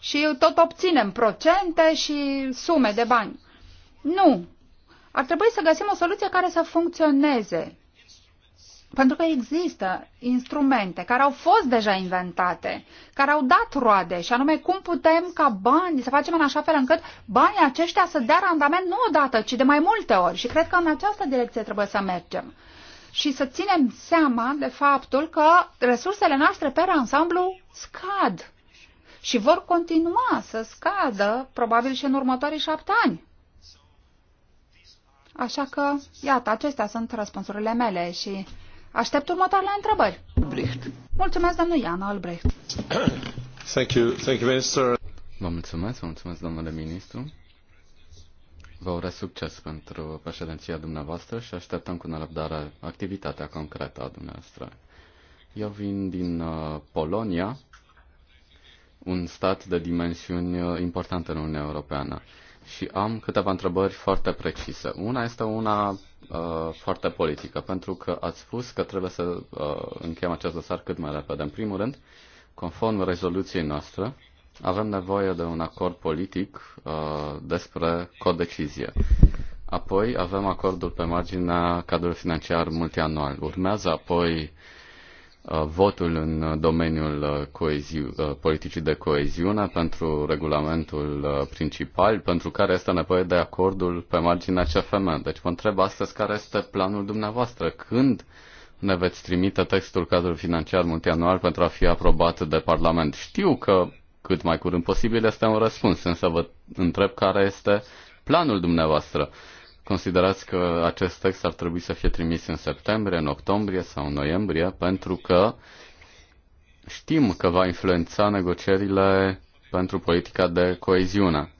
și tot obținem procente și sume de bani. Nu. Ar trebui să găsim o soluție care să funcționeze pentru că există instrumente care au fost deja inventate, care au dat roade, și anume cum putem ca bani, să facem în așa fel încât banii aceștia să dea randament nu odată, ci de mai multe ori. Și cred că în această direcție trebuie să mergem. Și să ținem seama de faptul că resursele noastre pe ansamblu scad și vor continua să scadă probabil și în următorii șapte ani. Așa că, iată, acestea sunt răspunsurile mele și Aștept următoarele întrebări. Albrecht. Mulțumesc, domnul Ian Albrecht. Thank you. Thank you, Minister. Vă mulțumesc, vă mulțumesc, domnule ministru. Vă urez succes pentru președinția dumneavoastră și așteptăm cu nerăbdare activitatea concretă a dumneavoastră. Eu vin din uh, Polonia, un stat de dimensiuni uh, importante în Uniunea Europeană și am câteva întrebări foarte precise. Una este una uh, foarte politică, pentru că ați spus că trebuie să uh, încheiem acest dosar cât mai repede. În primul rând, conform rezoluției noastre, avem nevoie de un acord politic uh, despre codecizie. Apoi avem acordul pe marginea cadrului financiar multianual. Urmează apoi uh, Uh, votul în uh, domeniul uh, coeziu- politicii de coeziune pentru regulamentul principal, pentru care este nevoie de acordul pe marginea CFM. Deci vă întreb astăzi care este planul dumneavoastră. Când ne veți trimite textul cadrul financiar multianual pentru a fi aprobat de Parlament? Știu că cât mai curând posibil este un răspuns, însă vă întreb care este planul dumneavoastră. Uh, considerați că acest text ar trebui să fie trimis în septembrie, în octombrie sau în noiembrie, pentru că știm că va influența negocierile pentru politica de coeziune.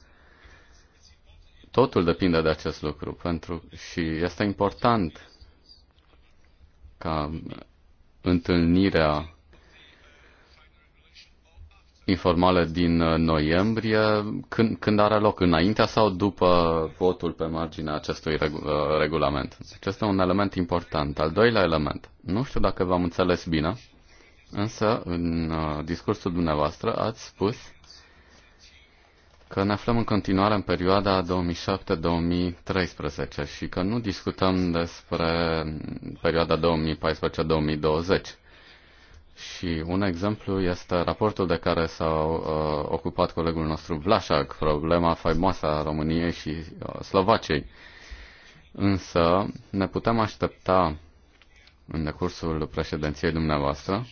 Totul depinde de acest lucru pentru, și este important ca întâlnirea informale din uh, noiembrie, când, când are loc, înaintea sau după votul pe marginea acestui uh, regulament. Acesta deci este un element important. Al doilea element, nu știu dacă v-am înțeles bine, însă în uh, discursul dumneavoastră ați spus că ne aflăm în continuare în perioada 2007-2013 și că nu discutăm despre perioada 2014-2020. Și un exemplu este raportul de care s-a uh, ocupat colegul nostru Vlașac, problema faimoasă a României și uh, Slovaciei. Însă ne putem aștepta în decursul președinției dumneavoastră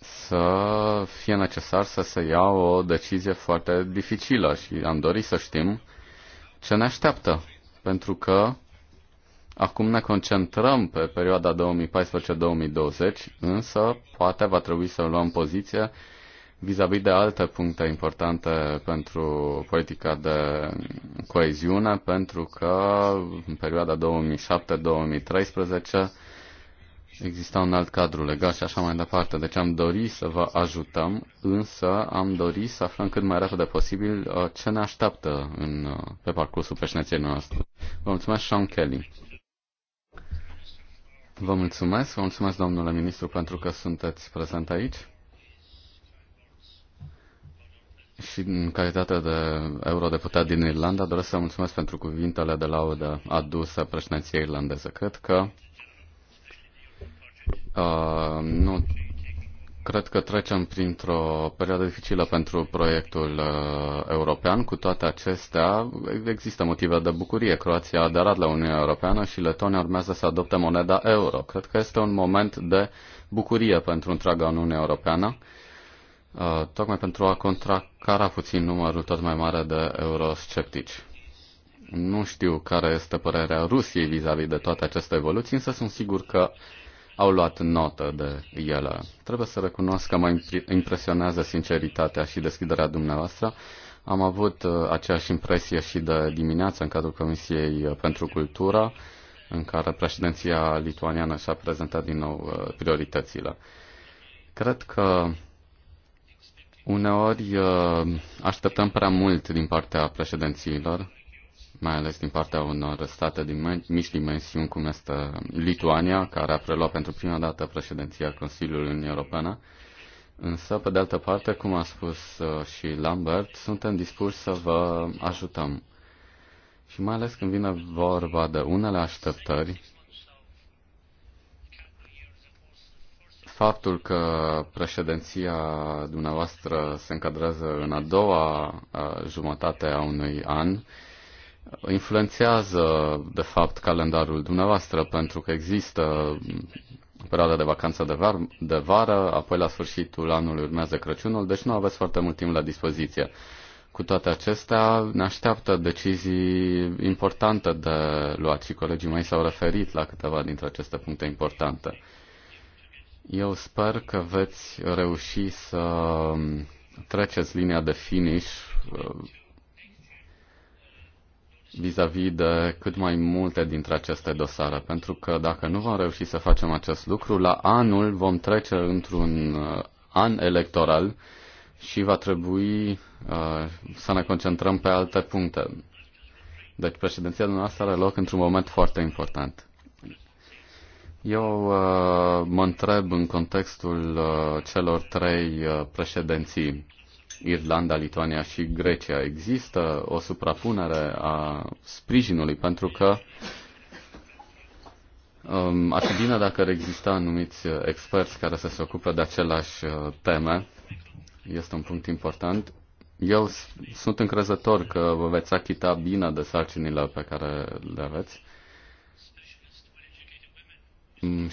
să fie necesar să se ia o decizie foarte dificilă și am dorit să știm ce ne așteaptă. Pentru că Acum ne concentrăm pe perioada 2014-2020, însă poate va trebui să luăm poziție vis-a-vis -vis de alte puncte importante pentru politica de coeziune, pentru că în perioada 2007-2013 exista un alt cadru legal și așa mai departe. Deci am dorit să vă ajutăm, însă am dorit să aflăm cât mai repede posibil uh, ce ne așteaptă în, uh, pe parcursul președinției noastre. Vă mulțumesc, Sean Kelly. Vă mulțumesc, vă mulțumesc, domnule ministru, pentru că sunteți prezent aici. Și în calitate de eurodeputat din Irlanda, doresc să mulțumesc pentru cuvintele de laudă aduse președinției irlandeze. Cred că uh, nu Cred că trecem printr-o perioadă dificilă pentru proiectul uh, european. Cu toate acestea, există motive de bucurie. Croația a aderat la Uniunea Europeană și Letonia urmează să adopte moneda euro. Cred că este un moment de bucurie pentru întreaga Uniune Europeană, uh, tocmai pentru a contracara puțin numărul tot mai mare de eurosceptici. Nu știu care este părerea Rusiei vis-a-vis -vis de toate aceste evoluții, însă sunt sigur că au luat notă de ele. Trebuie să recunosc că mă impresionează sinceritatea și deschiderea dumneavoastră. Am avut uh, aceeași impresie și de dimineață în cadrul Comisiei uh, pentru Cultură, în care președinția lituaniană și-a prezentat din nou uh, prioritățile. Cred că uneori așteptăm prea mult din partea președințiilor mai ales din partea unor state din mici dimensiuni, cum este Lituania, care a preluat pentru prima dată președinția Consiliului Uniunii Europene. Însă, pe de altă parte, cum a spus uh, și Lambert, suntem dispuși să vă ajutăm. Și mai ales când vine vorba de unele așteptări, faptul că președinția dumneavoastră se încadrează în a doua uh, jumătate a unui an, influențează, de fapt, calendarul dumneavoastră, pentru că există perioada de vacanță de, var- de vară, apoi la sfârșitul anului urmează Crăciunul, deci nu aveți foarte mult timp la dispoziție. Cu toate acestea, ne așteaptă decizii importante de luat și colegii mei s-au referit la câteva dintre aceste puncte importante. Eu sper că veți reuși să treceți linia de finish vis-a-vis -vis de cât mai multe dintre aceste dosare, pentru că dacă nu vom reuși să facem acest lucru, la anul vom trece într-un uh, an electoral și va trebui uh, să ne concentrăm pe alte puncte. Deci președinția noastră are loc într-un moment foarte important. Eu uh, mă întreb în contextul uh, celor trei uh, președinții Irlanda, Lituania și Grecia. Există o suprapunere a sprijinului pentru că um, ar fi bine dacă ar exista anumiți experți care să se ocupe de aceleași uh, teme. Este un punct important. Eu sunt încrezător că vă veți achita bine de sarcinile pe care le aveți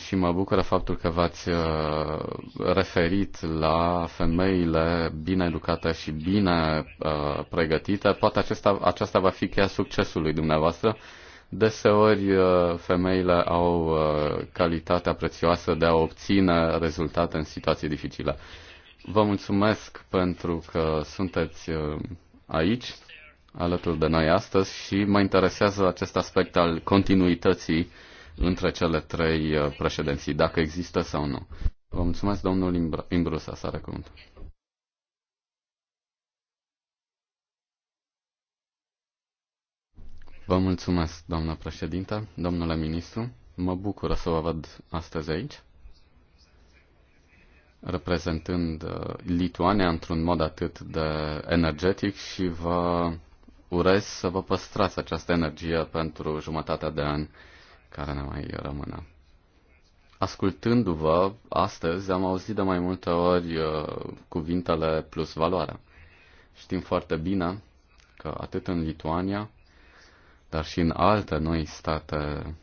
și mă bucură faptul că v-ați uh, referit la femeile bine educate și bine uh, pregătite. Poate acesta, aceasta va fi cheia succesului dumneavoastră. Deseori uh, femeile au calitatea prețioasă de a obține rezultate în situații dificile. Vă mulțumesc pentru că sunteți aici, alături de noi astăzi și mă interesează acest aspect al continuității între cele trei uh, președinții, dacă există sau nu. Vă mulțumesc, domnul Imbrusa, să are cuvântul. Vă mulțumesc, doamnă președintă, domnule ministru. Mă bucură să vă văd astăzi aici, reprezentând uh, Lituania într-un mod atât de energetic și vă urez să vă păstrați această energie pentru jumătatea de an care ne mai rămână. Ascultându-vă, astăzi am auzit de mai multe ori uh, cuvintele plus valoare. Știm foarte bine că atât în Lituania, dar și în alte noi state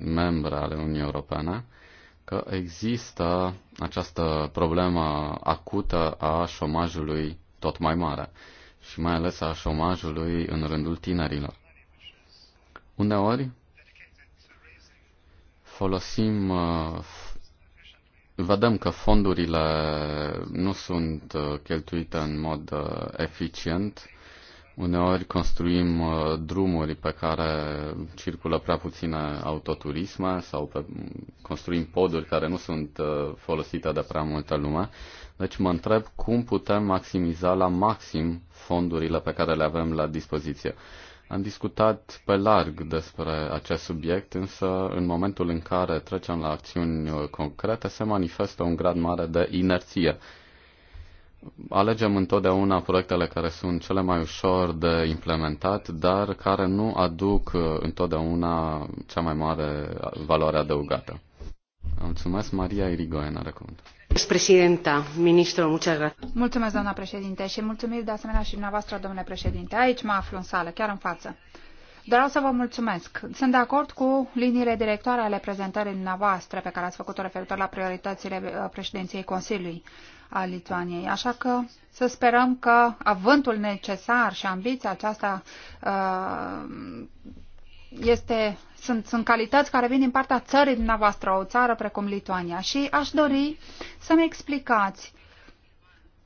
membre ale Uniunii Europene, că există această problemă acută a șomajului tot mai mare și mai ales a șomajului în rândul tinerilor. Uneori, folosim, uh, vedem că fondurile nu sunt uh, cheltuite în mod uh, eficient. Uneori construim drumuri pe care circulă prea puține autoturisme sau pe, construim poduri care nu sunt folosite de prea multă lume. Deci mă întreb cum putem maximiza la maxim fondurile pe care le avem la dispoziție. Am discutat pe larg despre acest subiect, însă în momentul în care trecem la acțiuni uh, concrete se manifestă un grad mare de inerție. Alegem întotdeauna proiectele care sunt cele mai ușor de implementat, dar care nu aduc uh, întotdeauna cea mai mare valoare adăugată. Mulțumesc, Maria Irigoyen, are cuvântul. Președinta, ministru, mulțumesc. Mulțumesc, doamna președinte, și mulțumiri de asemenea și dumneavoastră, domnule președinte. Aici mă aflu în sală, chiar în față. Doreau să vă mulțumesc. Sunt de acord cu liniile directoare ale prezentării dumneavoastră pe care ați făcut-o referitor la prioritățile uh, președinției Consiliului a Lituaniei. Așa că să sperăm că avântul necesar și ambiția aceasta uh, este sunt, sunt calități care vin din partea țării dumneavoastră, o țară precum Lituania. Și aș dori să-mi explicați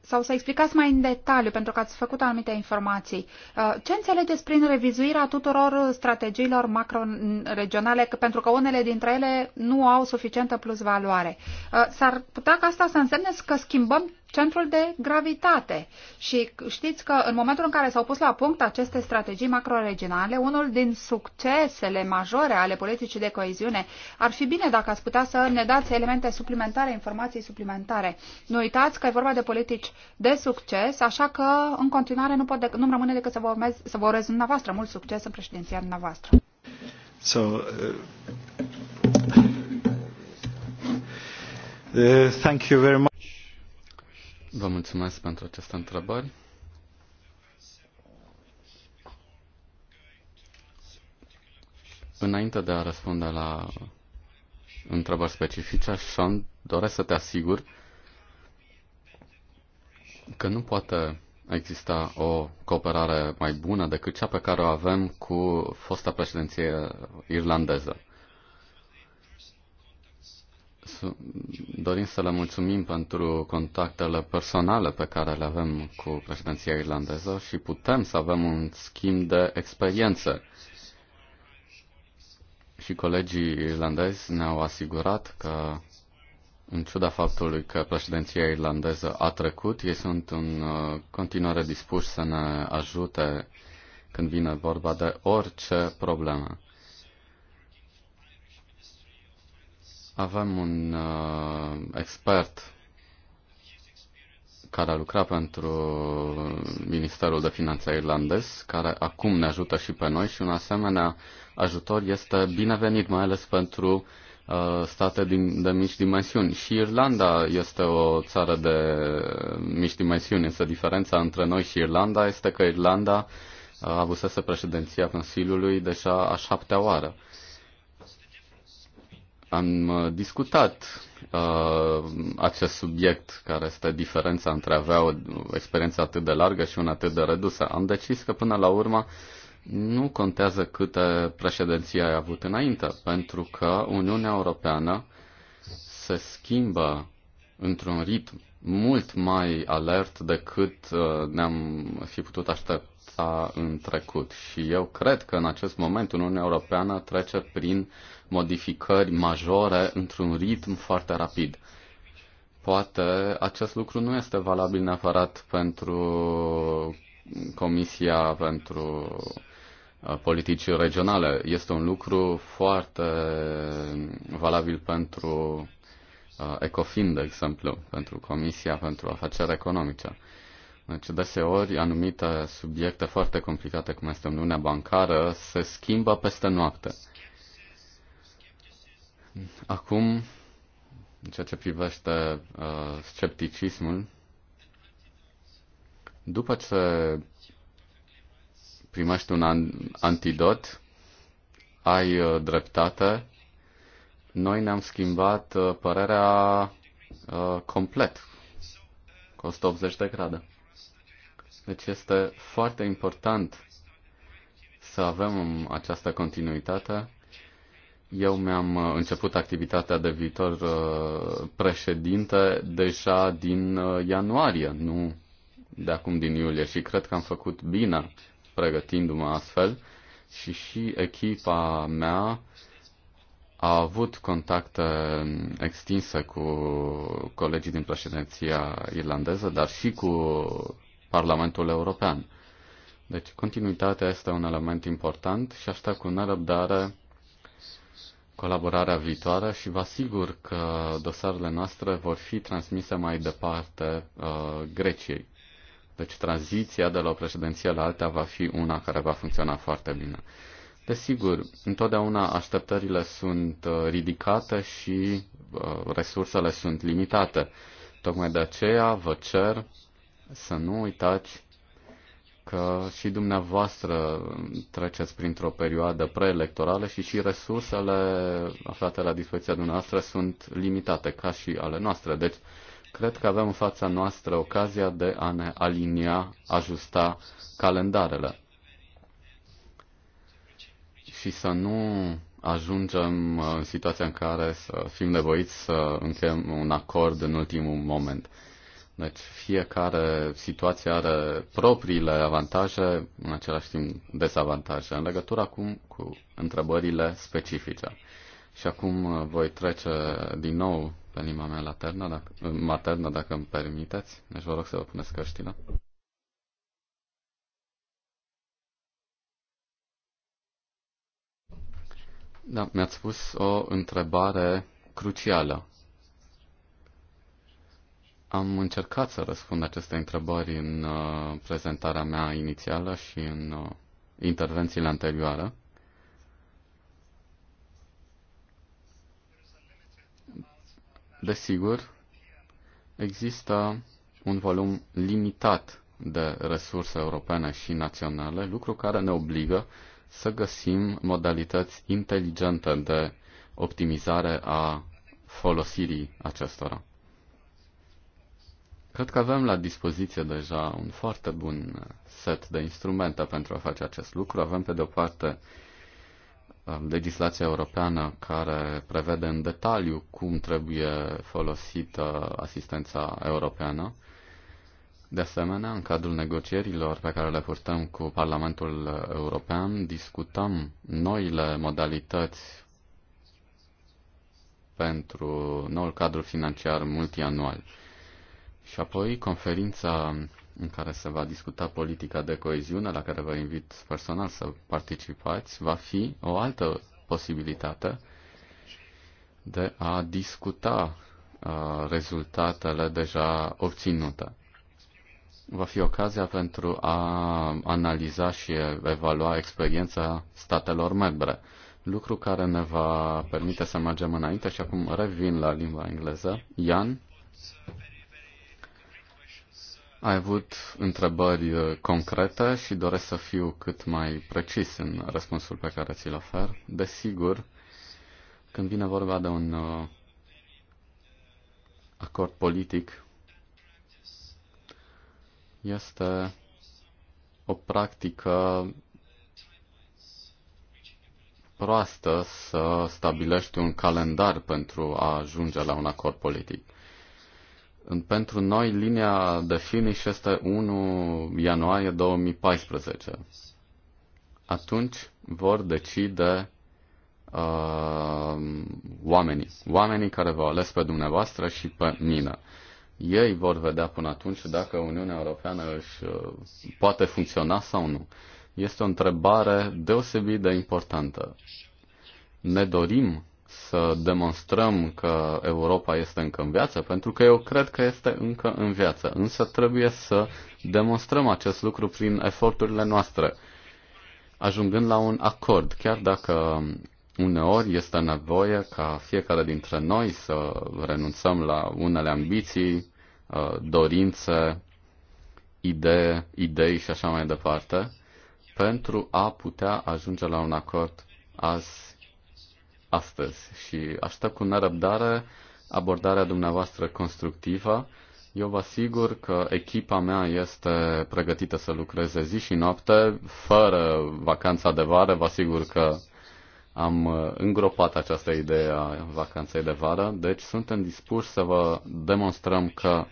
sau să explicați mai în detaliu, pentru că ați făcut anumite informații. Uh, ce înțelegeți prin revizuirea tuturor strategiilor macro-regionale, pentru că unele dintre ele nu au suficientă plus valoare? Uh, s-ar putea ca asta să însemne că schimbăm centrul de gravitate. Și știți că în momentul în care s-au pus la punct aceste strategii macroregionale, unul din succesele majore ale politicii de coeziune ar fi bine dacă ați putea să ne dați elemente suplimentare, informații suplimentare. Nu uitați că e vorba de politici de succes, așa că în continuare nu, pot de, nu rămâne decât să vă, urmez, să vă urez dumneavoastră mult succes în președinția dumneavoastră. So, uh... Uh, thank you very much. Vă mulțumesc pentru această întrebare. Înainte de a răspunde la întrebări specifice, Sean, doresc să te asigur că nu poate exista o cooperare mai bună decât cea pe care o avem cu fosta președinție irlandeză dorim să le mulțumim pentru contactele personale pe care le avem cu președinția irlandeză și putem să avem un schimb de experiențe. Și colegii irlandezi ne-au asigurat că, în ciuda faptului că președinția irlandeză a trecut, ei sunt în uh, continuare dispuși să ne ajute când vine vorba de orice problemă. Avem un uh, expert care a lucrat pentru Ministerul de Finanțe irlandez, care acum ne ajută și pe noi și un asemenea ajutor este binevenit, mai ales pentru uh, state din, de mici dimensiuni. Și Irlanda este o țară de mici dimensiuni, însă diferența între noi și Irlanda este că Irlanda uh, avusese președinția Consiliului deja a șaptea oară. Uh, am uh, discutat uh, acest subiect, care este diferența între a avea o experiență atât de largă și una atât de redusă. Am decis că până la urmă nu contează câte președinții ai avut înainte, pentru că Uniunea Europeană se schimbă într-un ritm mult mai alert decât uh, ne-am fi putut aștepta în trecut. Și eu cred că în acest moment Uniunea Europeană trece prin modificări majore într-un ritm foarte rapid. Poate acest lucru nu este valabil neapărat pentru Comisia pentru uh, politici regionale. Este un lucru foarte valabil pentru uh, ECOFIN, de exemplu, pentru Comisia pentru Afaceri Economice. Deci, deseori, anumite subiecte foarte complicate, cum este Uniunea Bancară, se schimbă peste noapte. Acum, în ceea ce privește uh, scepticismul, după ce primești un an- antidot, ai uh, dreptate, noi ne-am schimbat uh, părerea uh, complet, cu 180 de grade. Deci este foarte important să avem această continuitate eu mi-am uh, început activitatea de viitor uh, președinte deja din uh, ianuarie, nu de acum din iulie și cred că am făcut bine pregătindu-mă astfel și și echipa mea a avut contacte extinse cu colegii din președinția irlandeză, dar și cu Parlamentul European. Deci continuitatea este un element important și aștept cu nerăbdare colaborarea viitoare și vă asigur că dosarele noastre vor fi transmise mai departe uh, Greciei. Deci tranziția de la o președinție la alta va fi una care va funcționa foarte bine. Desigur, întotdeauna așteptările sunt uh, ridicate și uh, resursele sunt limitate. Tocmai de aceea vă cer să nu uitați că și dumneavoastră treceți printr-o perioadă preelectorală și și resursele aflate la dispoziția dumneavoastră sunt limitate, ca și ale noastre. Deci, cred că avem în fața noastră ocazia de a ne alinia, ajusta calendarele și să nu ajungem în situația în care să fim nevoiți să încheiem un acord în ultimul moment. Deci fiecare situație are propriile avantaje, în același timp dezavantaje, în legătură acum cu întrebările specifice. Și acum uh, voi trece din nou pe limba mea laternă, dacă, uh, maternă, dacă îmi permiteți. Deci vă rog să vă puneți căștile. Da, mi-ați spus o întrebare crucială am încercat să răspund aceste întrebări în uh, prezentarea mea inițială și în uh, intervențiile anterioare. Desigur, există un volum limitat de resurse europene și naționale, lucru care ne obligă să găsim modalități inteligente de optimizare a folosirii acestora. Cred că avem la dispoziție deja un foarte bun set de instrumente pentru a face acest lucru. Avem, pe de-o parte, um, legislația europeană care prevede în detaliu cum trebuie folosită asistența europeană. De asemenea, în cadrul negocierilor pe care le purtăm cu Parlamentul European, discutăm noile modalități pentru noul cadru financiar multianual. Și apoi conferința în care se va discuta politica de coeziune, la care vă invit personal să participați, va fi o altă posibilitate de a discuta uh, rezultatele deja obținute. Va fi ocazia pentru a analiza și evalua experiența statelor membre, lucru care ne va permite să mergem înainte și acum revin la limba engleză. Ian, ai avut întrebări uh, concrete și doresc să fiu cât mai precis în răspunsul pe care ți-l ofer. Desigur, când vine vorba de un uh, acord politic, este o practică proastă să stabilești un calendar pentru a ajunge la un acord politic. Pentru noi, linia de finish este 1 ianuarie 2014. Atunci vor decide uh, oamenii, oamenii care v-au ales pe dumneavoastră și pe mine. Ei vor vedea până atunci dacă Uniunea Europeană își uh, poate funcționa sau nu. Este o întrebare deosebit de importantă. Ne dorim să demonstrăm că Europa este încă în viață, pentru că eu cred că este încă în viață, însă trebuie să demonstrăm acest lucru prin eforturile noastre, ajungând la un acord, chiar dacă uneori este nevoie ca fiecare dintre noi să renunțăm la unele ambiții, uh, dorințe, idei, idei și așa mai departe, pentru a putea ajunge la un acord azi astăzi și aștept cu nerăbdare abordarea dumneavoastră constructivă. Eu vă asigur că echipa mea este pregătită să lucreze zi și noapte, fără vacanța de vară. Vă asigur că am îngropat această idee a vacanței de vară, deci suntem dispuși să vă demonstrăm că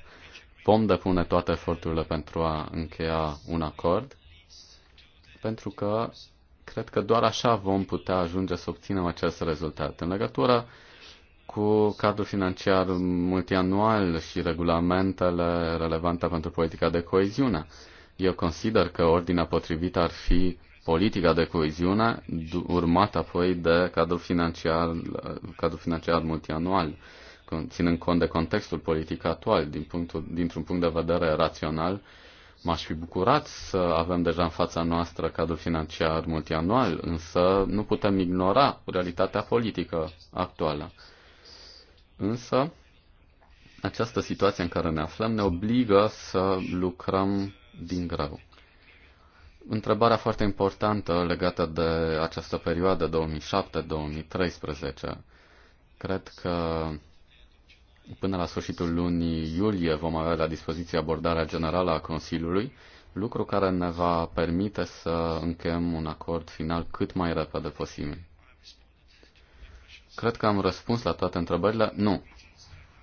vom depune toate eforturile pentru a încheia un acord, pentru că Cred că doar așa vom putea ajunge să obținem acest rezultat. În legătură cu cadrul financiar multianual și regulamentele relevante pentru politica de coeziune. Eu consider că ordinea potrivită ar fi politica de coeziune, urmată apoi de cadrul financiar, cadrul financiar multianual, ținând cont de contextul politic actual, din punctul, dintr-un punct de vedere rațional, M-aș fi bucurat să avem deja în fața noastră cadrul financiar multianual, însă nu putem ignora realitatea politică actuală. Însă, această situație în care ne aflăm ne obligă să lucrăm din greu. Întrebarea foarte importantă legată de această perioadă 2007-2013. Cred că Până la sfârșitul lunii iulie vom avea la dispoziție abordarea generală a Consiliului, lucru care ne va permite să încheiem un acord final cât mai repede posibil. Cred că am răspuns la toate întrebările. Nu.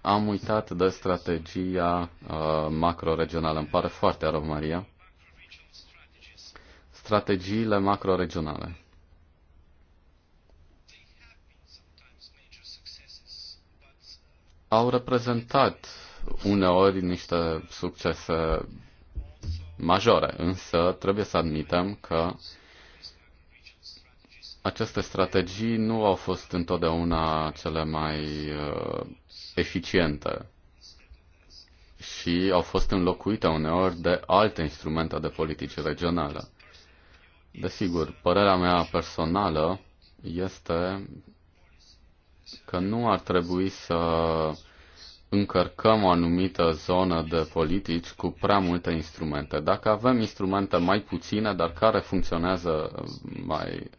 Am uitat de strategia uh, macro-regională. Îmi pare foarte rău, Maria. Strategiile macro-regionale. au reprezentat uneori niște succese majore, însă trebuie să admitem că aceste strategii nu au fost întotdeauna cele mai uh, eficiente și au fost înlocuite uneori de alte instrumente de politici regională. Desigur, părerea mea personală este că nu ar trebui să încărcăm o anumită zonă de politici cu prea multe instrumente. Dacă avem instrumente mai puține, dar care funcționează mai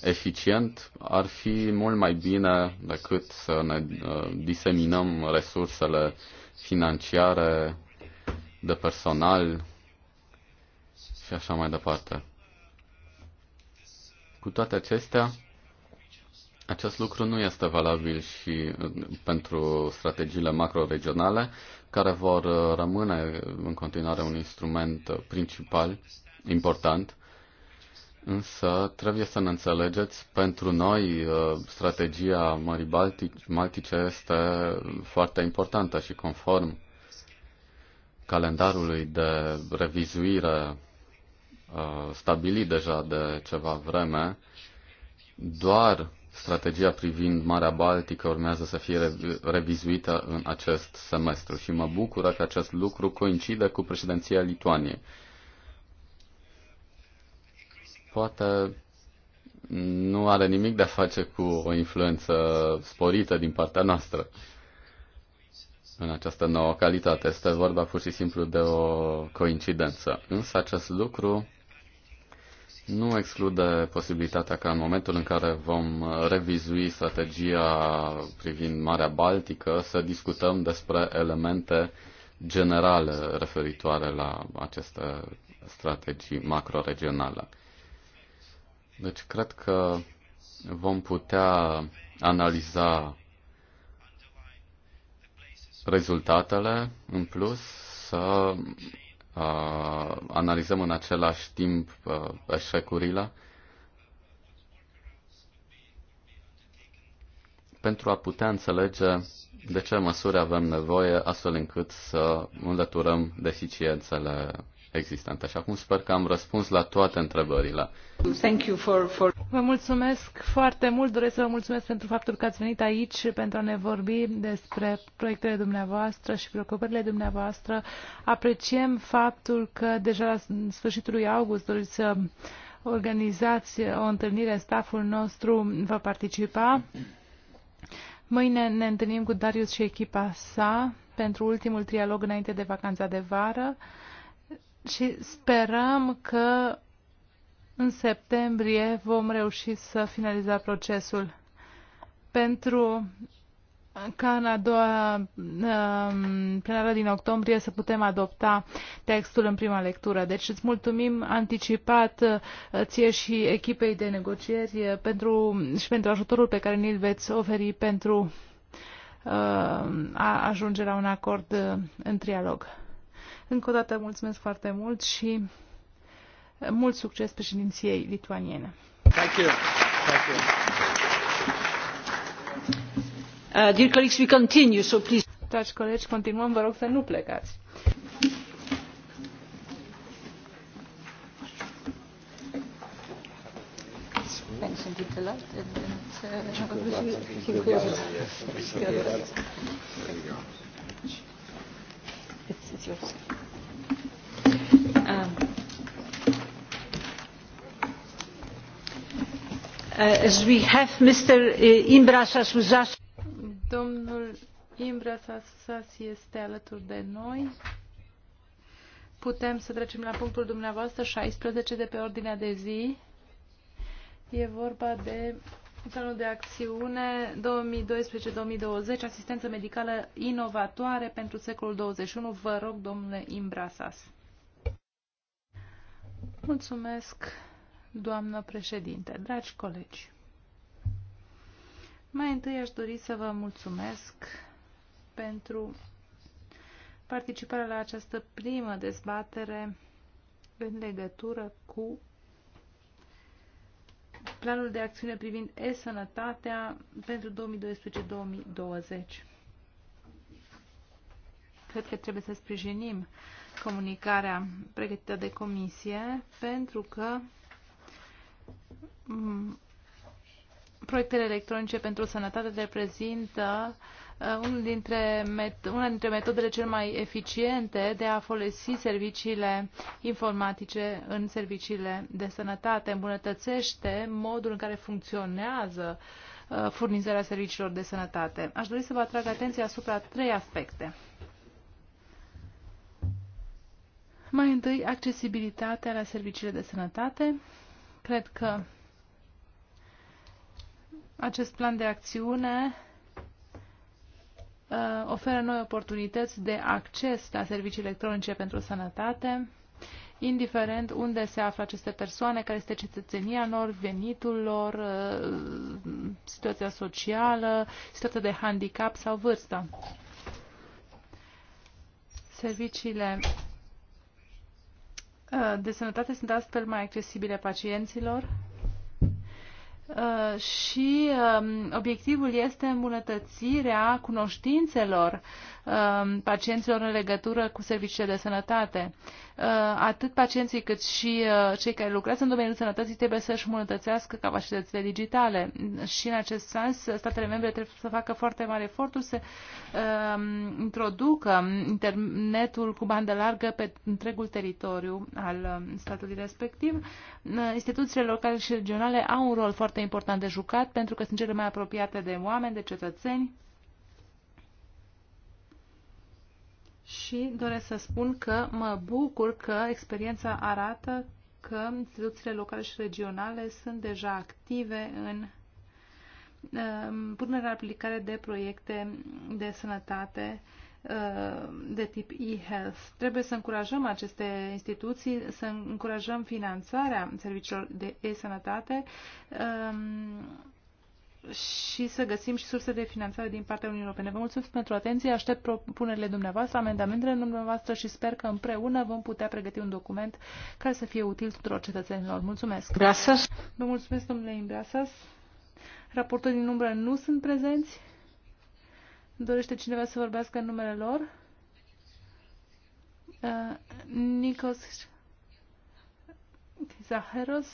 eficient, ar fi mult mai bine decât să ne uh, diseminăm resursele financiare, de personal și așa mai departe. Cu toate acestea, acest lucru nu este valabil și uh, pentru strategiile macroregionale, care vor uh, rămâne în continuare un instrument uh, principal, important, însă trebuie să ne înțelegeți, pentru noi strategia Mării Baltice este foarte importantă și conform calendarului de revizuire stabilit deja de ceva vreme, doar strategia privind Marea Baltică urmează să fie revizuită în acest semestru și mă bucură că acest lucru coincide cu președinția Lituaniei. Poate nu are nimic de a face cu o influență sporită din partea noastră în această nouă calitate. Este vorba pur și simplu de o coincidență. Însă acest lucru nu exclude posibilitatea ca în momentul în care vom uh, revizui strategia privind Marea Baltică să discutăm despre elemente generale referitoare la aceste strategii macroregionale. Deci cred că vom putea analiza rezultatele în plus să uh, analizăm în același timp uh, eșecurile pentru a putea înțelege de ce măsuri avem nevoie astfel încât să înlăturăm deficiențele existente. Așa acum sper că am răspuns la toate întrebările. Thank you for, for... Vă mulțumesc foarte mult. Doresc să vă mulțumesc pentru faptul că ați venit aici pentru a ne vorbi despre proiectele dumneavoastră și preocupările dumneavoastră. Apreciem faptul că deja la sfârșitul lui august doriți să organizați o întâlnire. Staful nostru va participa. Mâine ne întâlnim cu Darius și echipa sa pentru ultimul trialog înainte de vacanța de vară și sperăm că în septembrie vom reuși să finalizăm procesul. Pentru ca în a doua um, plenară din octombrie să putem adopta textul în prima lectură. Deci îți mulțumim anticipat uh, ție și echipei de negocieri uh, pentru, și pentru ajutorul pe care ni-l veți oferi pentru uh, a ajunge la un acord uh, în trialog. Încă o dată mulțumesc foarte mult și mult succes președinției lituaniene. Thank you. Thank you. Uh, dear colleagues, we continue, so please. Dragi colegi, continuăm, vă rog să nu plecați. Menschen, uh, die it's uh, as we have Mr. Uh, Imbra Domnul Imbra este alături de noi. Putem să trecem la punctul dumneavoastră 16 de pe ordinea de zi. E vorba de Planul de acțiune 2012-2020, asistență medicală inovatoare pentru secolul 21. Vă rog, domnule Imbrasas. Mulțumesc, doamnă președinte, dragi colegi. Mai întâi aș dori să vă mulțumesc pentru participarea la această primă dezbatere în legătură cu planul de acțiune privind e-sănătatea pentru 2012-2020. Cred că trebuie să sprijinim comunicarea pregătită de comisie pentru că proiectele electronice pentru sănătate reprezintă uh, Uh, unul dintre una dintre metodele cel mai eficiente de a folosi serviciile informatice în serviciile de sănătate. Îmbunătățește modul în care funcționează uh, furnizarea serviciilor de sănătate. Aș dori să vă atrag atenția asupra trei aspecte. Mai întâi, accesibilitatea la serviciile de sănătate. Cred că acest plan de acțiune Uh, oferă noi oportunități de acces la servicii electronice pentru sănătate, indiferent unde se află aceste persoane, care este cetățenia lor, venitul lor, uh, situația socială, situația de handicap sau vârsta. Serviciile uh, de sănătate sunt astfel mai accesibile pacienților Uh, și um, obiectivul este îmbunătățirea cunoștințelor Um, pacienților în legătură cu serviciile de sănătate. Uh, atât pacienții cât și uh, cei care lucrează în domeniul sănătății trebuie să-și îmbunătățească capacitățile digitale și în acest sens statele membre trebuie să facă foarte mare efortul să um, introducă internetul cu bandă largă pe întregul teritoriu al um, statului respectiv. Uh, instituțiile locale și regionale au un rol foarte important de jucat pentru că sunt cele mai apropiate de oameni, de cetățeni și doresc să spun că mă bucur că experiența arată că instituțiile locale și regionale sunt deja active în um, punerea aplicare de proiecte de sănătate uh, de tip e-health. Trebuie să încurajăm aceste instituții, să încurajăm finanțarea serviciilor de e-sănătate um, și să găsim și surse de finanțare din partea Uniunii Europene. Vă mulțumesc pentru atenție, aștept propunerile dumneavoastră, amendamentele dumneavoastră și sper că împreună vom putea pregăti un document care să fie util tuturor cetățenilor. Mulțumesc! Brasas. Vă mulțumesc, domnule Imbrasas. Raportorii din umbră nu sunt prezenți. Dorește cineva să vorbească în numele lor? Uh, Nikos Zaharos.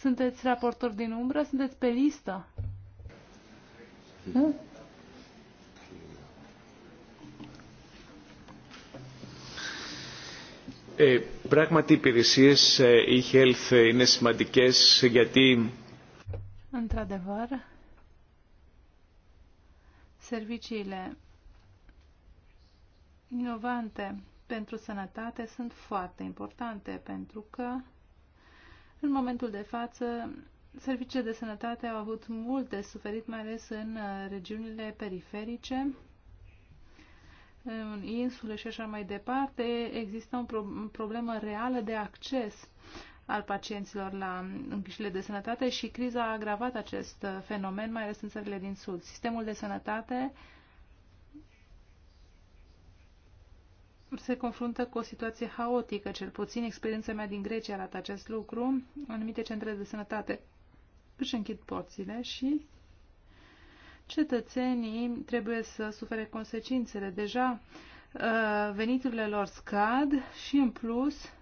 Sunteți raportor din umbră? Sunteți pe listă? Nu? Ε, πράγματι οι υπηρεσίες ε, e-health είναι σημαντικές γιατί... Într-adevăr, serviciile inovante pentru sănătate sunt foarte importante pentru că în momentul de față, serviciile de sănătate au avut multe suferit, mai ales în uh, regiunile periferice, în insule și așa mai departe. Există o problemă reală de acces al pacienților la îngrijirile de sănătate și criza a agravat acest uh, fenomen, mai ales în țările din Sud. Sistemul de sănătate uh, se confruntă cu o situație haotică, cel puțin experiența mea din Grecia arată acest lucru, anumite centre de sănătate își închid porțile și cetățenii trebuie să sufere consecințele. Deja uh, veniturile lor scad și, în plus,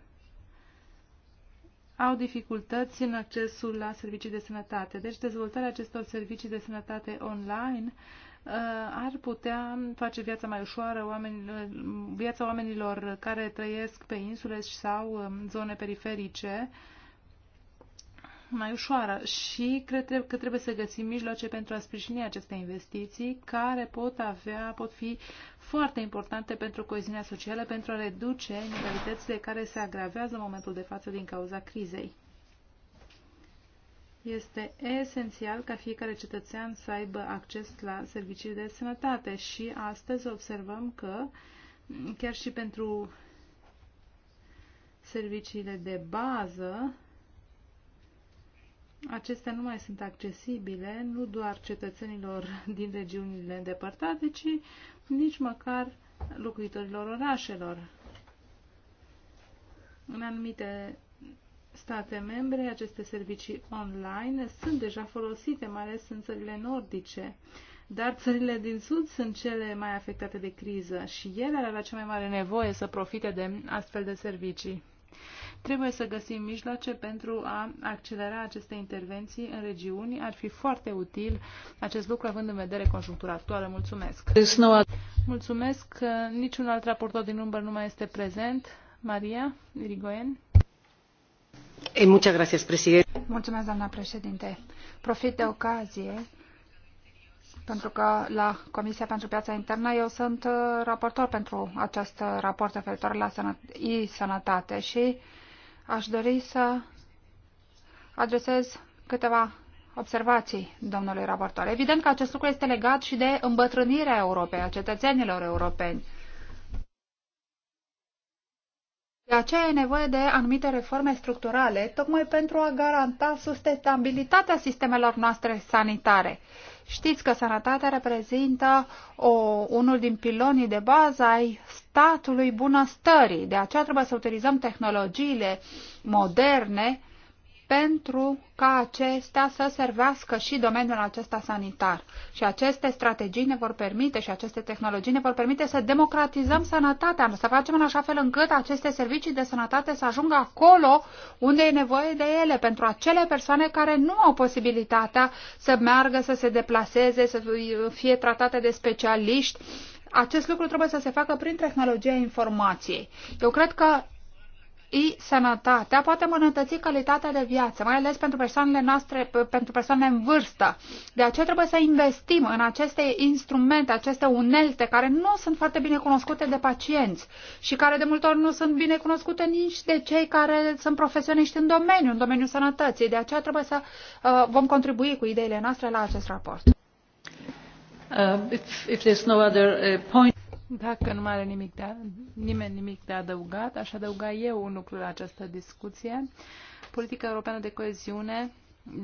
au dificultăți în accesul la servicii de sănătate. Deci, dezvoltarea acestor servicii de sănătate online uh, Uh, ar putea face viața mai ușoară oamenilor, uh, viața oamenilor care trăiesc pe insule sau um, zone periferice mai ușoară și cred că trebuie să găsim mijloace pentru a sprijini aceste investiții care pot avea, pot fi foarte importante pentru coeziunea socială, pentru a reduce inegalitățile care se agravează în momentul de față din cauza crizei. Este esențial ca fiecare cetățean să aibă acces la servicii de sănătate și astăzi observăm că chiar și pentru serviciile de bază, acestea nu mai sunt accesibile nu doar cetățenilor din regiunile îndepărtate, ci nici măcar locuitorilor orașelor. În anumite state membre, aceste servicii online sunt deja folosite, mai ales în țările nordice. Dar țările din sud sunt cele mai afectate de criză și ele ar avea cea mai mare nevoie să profite de astfel de servicii. Trebuie să găsim mijloace pentru a accelera aceste intervenții în regiuni. Ar fi foarte util acest lucru având în vedere conjunctura actuală. Mulțumesc! Mulțumesc! Niciun alt raportor din număr nu mai este prezent. Maria Irigoyen? Eh, doamnă președinte. Profit de ocazie pentru că la Comisia pentru Piața Internă eu sunt uh, raportor pentru acest raport referitor la e-sănătate și aș dori să adresez câteva observații domnului raportor. Evident că acest lucru este legat și de îmbătrânirea Europei, a cetățenilor europeni. De aceea e nevoie de anumite reforme structurale, tocmai pentru a garanta sustenabilitatea sistemelor noastre sanitare. Știți că sănătatea reprezintă o, unul din pilonii de bază ai statului bunăstării. De aceea trebuie să utilizăm tehnologiile moderne pentru ca acestea să servească și domeniul acesta sanitar. Și aceste strategii ne vor permite și aceste tehnologii ne vor permite să democratizăm sănătatea, să facem în așa fel încât aceste servicii de sănătate să ajungă acolo unde e nevoie de ele, pentru acele persoane care nu au posibilitatea să meargă, să se deplaseze, să fie tratate de specialiști. Acest lucru trebuie să se facă prin tehnologia informației. Eu cred că și sănătatea poate îmbunătăți calitatea de viață, mai ales pentru persoanele noastre, pentru persoanele în vârstă. De aceea trebuie să investim în aceste instrumente, aceste unelte care nu sunt foarte bine cunoscute de pacienți și care de multe ori nu sunt bine cunoscute nici de cei care sunt profesioniști în domeniu, în domeniul sănătății. De aceea trebuie să uh, vom contribui cu ideile noastre la acest raport. Uh, if, if there's no other uh, point... Dacă nu are nimic de, nimeni nimic de adăugat, aș adăuga eu un lucru la această discuție. Politica europeană de coeziune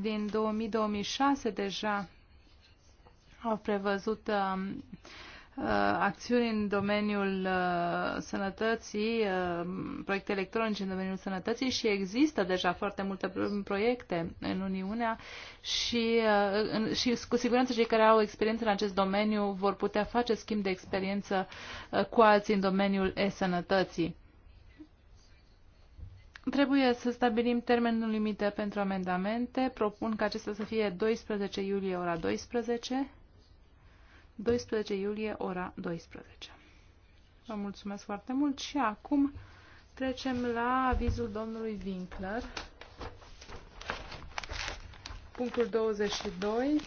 din 2000-2006 deja au prevăzut uh, Uh, acțiuni în domeniul uh, sănătății, uh, proiecte electronice în domeniul sănătății și există deja foarte multe proiecte în Uniunea și, și cu siguranță cei care au experiență în acest domeniu vor putea face schimb de experiență cu alții în domeniul e-sănătății. Trebuie să stabilim termenul limită pentru amendamente. Propun ca acesta să fie 12 iulie ora 12 12 iulie, ora 12. Vă mulțumesc foarte mult și acum trecem la avizul domnului Winkler. Punctul 22.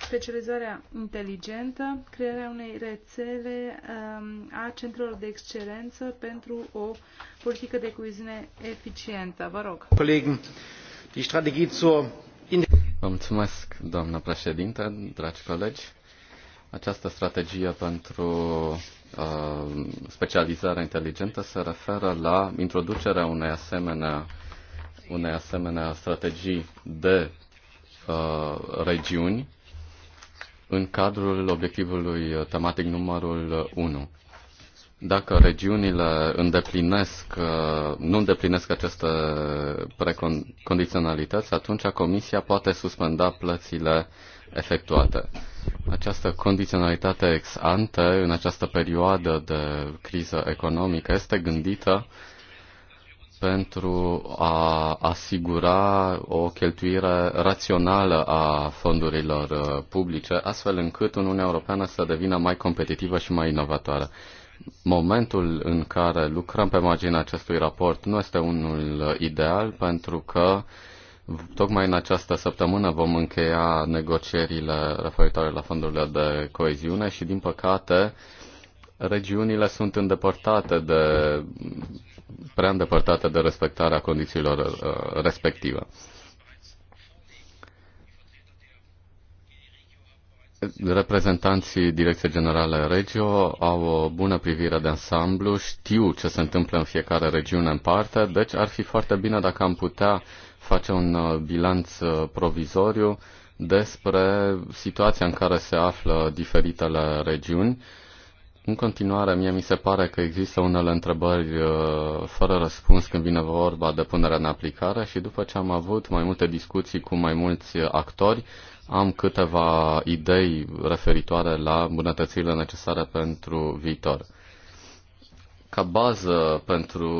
Specializarea inteligentă, crearea unei rețele um, a centrelor de excelență pentru o politică de coeziune eficientă. Vă rog. Colegi, die Strategie zur Vă mulțumesc, doamnă președinte, dragi colegi. Această strategie pentru uh, specializarea inteligentă se referă la introducerea unei asemenea, unei asemenea strategii de uh, regiuni în cadrul obiectivului tematic numărul 1. Dacă regiunile îndeplinesc, uh, nu îndeplinesc aceste precondiționalități, atunci Comisia poate suspenda plățile efectuate. Această condiționalitate ex ante în această perioadă de criză economică este gândită pentru a asigura o cheltuire rațională a fondurilor uh, publice, astfel încât Uniunea Europeană să devină mai competitivă și mai inovatoare. Momentul în care lucrăm pe marginea acestui raport nu este unul uh, ideal pentru că uh, Tocmai în această săptămână vom încheia negocierile referitoare la fondurile de coeziune și, din păcate, regiunile sunt îndepărtate de, prea îndepărtate de respectarea condițiilor uh, respective. Reprezentanții Direcției Generale Regio au o bună privire de ansamblu, știu ce se întâmplă în fiecare regiune în parte, deci ar fi foarte bine dacă am putea uh, face un uh, bilanț uh, provizoriu despre situația în care se află diferitele regiuni. În continuare, mie mi se pare că există unele întrebări uh, fără răspuns când vine vorba de punerea în aplicare și după ce am avut mai multe discuții cu mai mulți actori, am câteva idei referitoare la bunătățile necesare pentru viitor ca bază pentru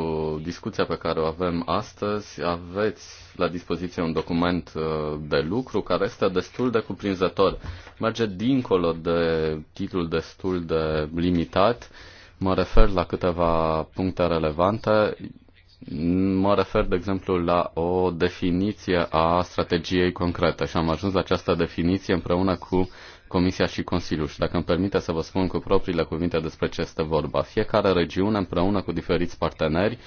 discuția pe care o avem astăzi, aveți la dispoziție un document uh, de lucru care este destul de cuprinzător. Merge dincolo de titlul destul de limitat, mă refer la câteva puncte relevante. Mă refer, de exemplu, la o definiție a strategiei concrete și am ajuns la această definiție împreună cu Comisia și Consiliul. Și dacă îmi permite să vă spun cu propriile cuvinte despre ce este vorba. Fiecare regiune împreună cu diferiți parteneri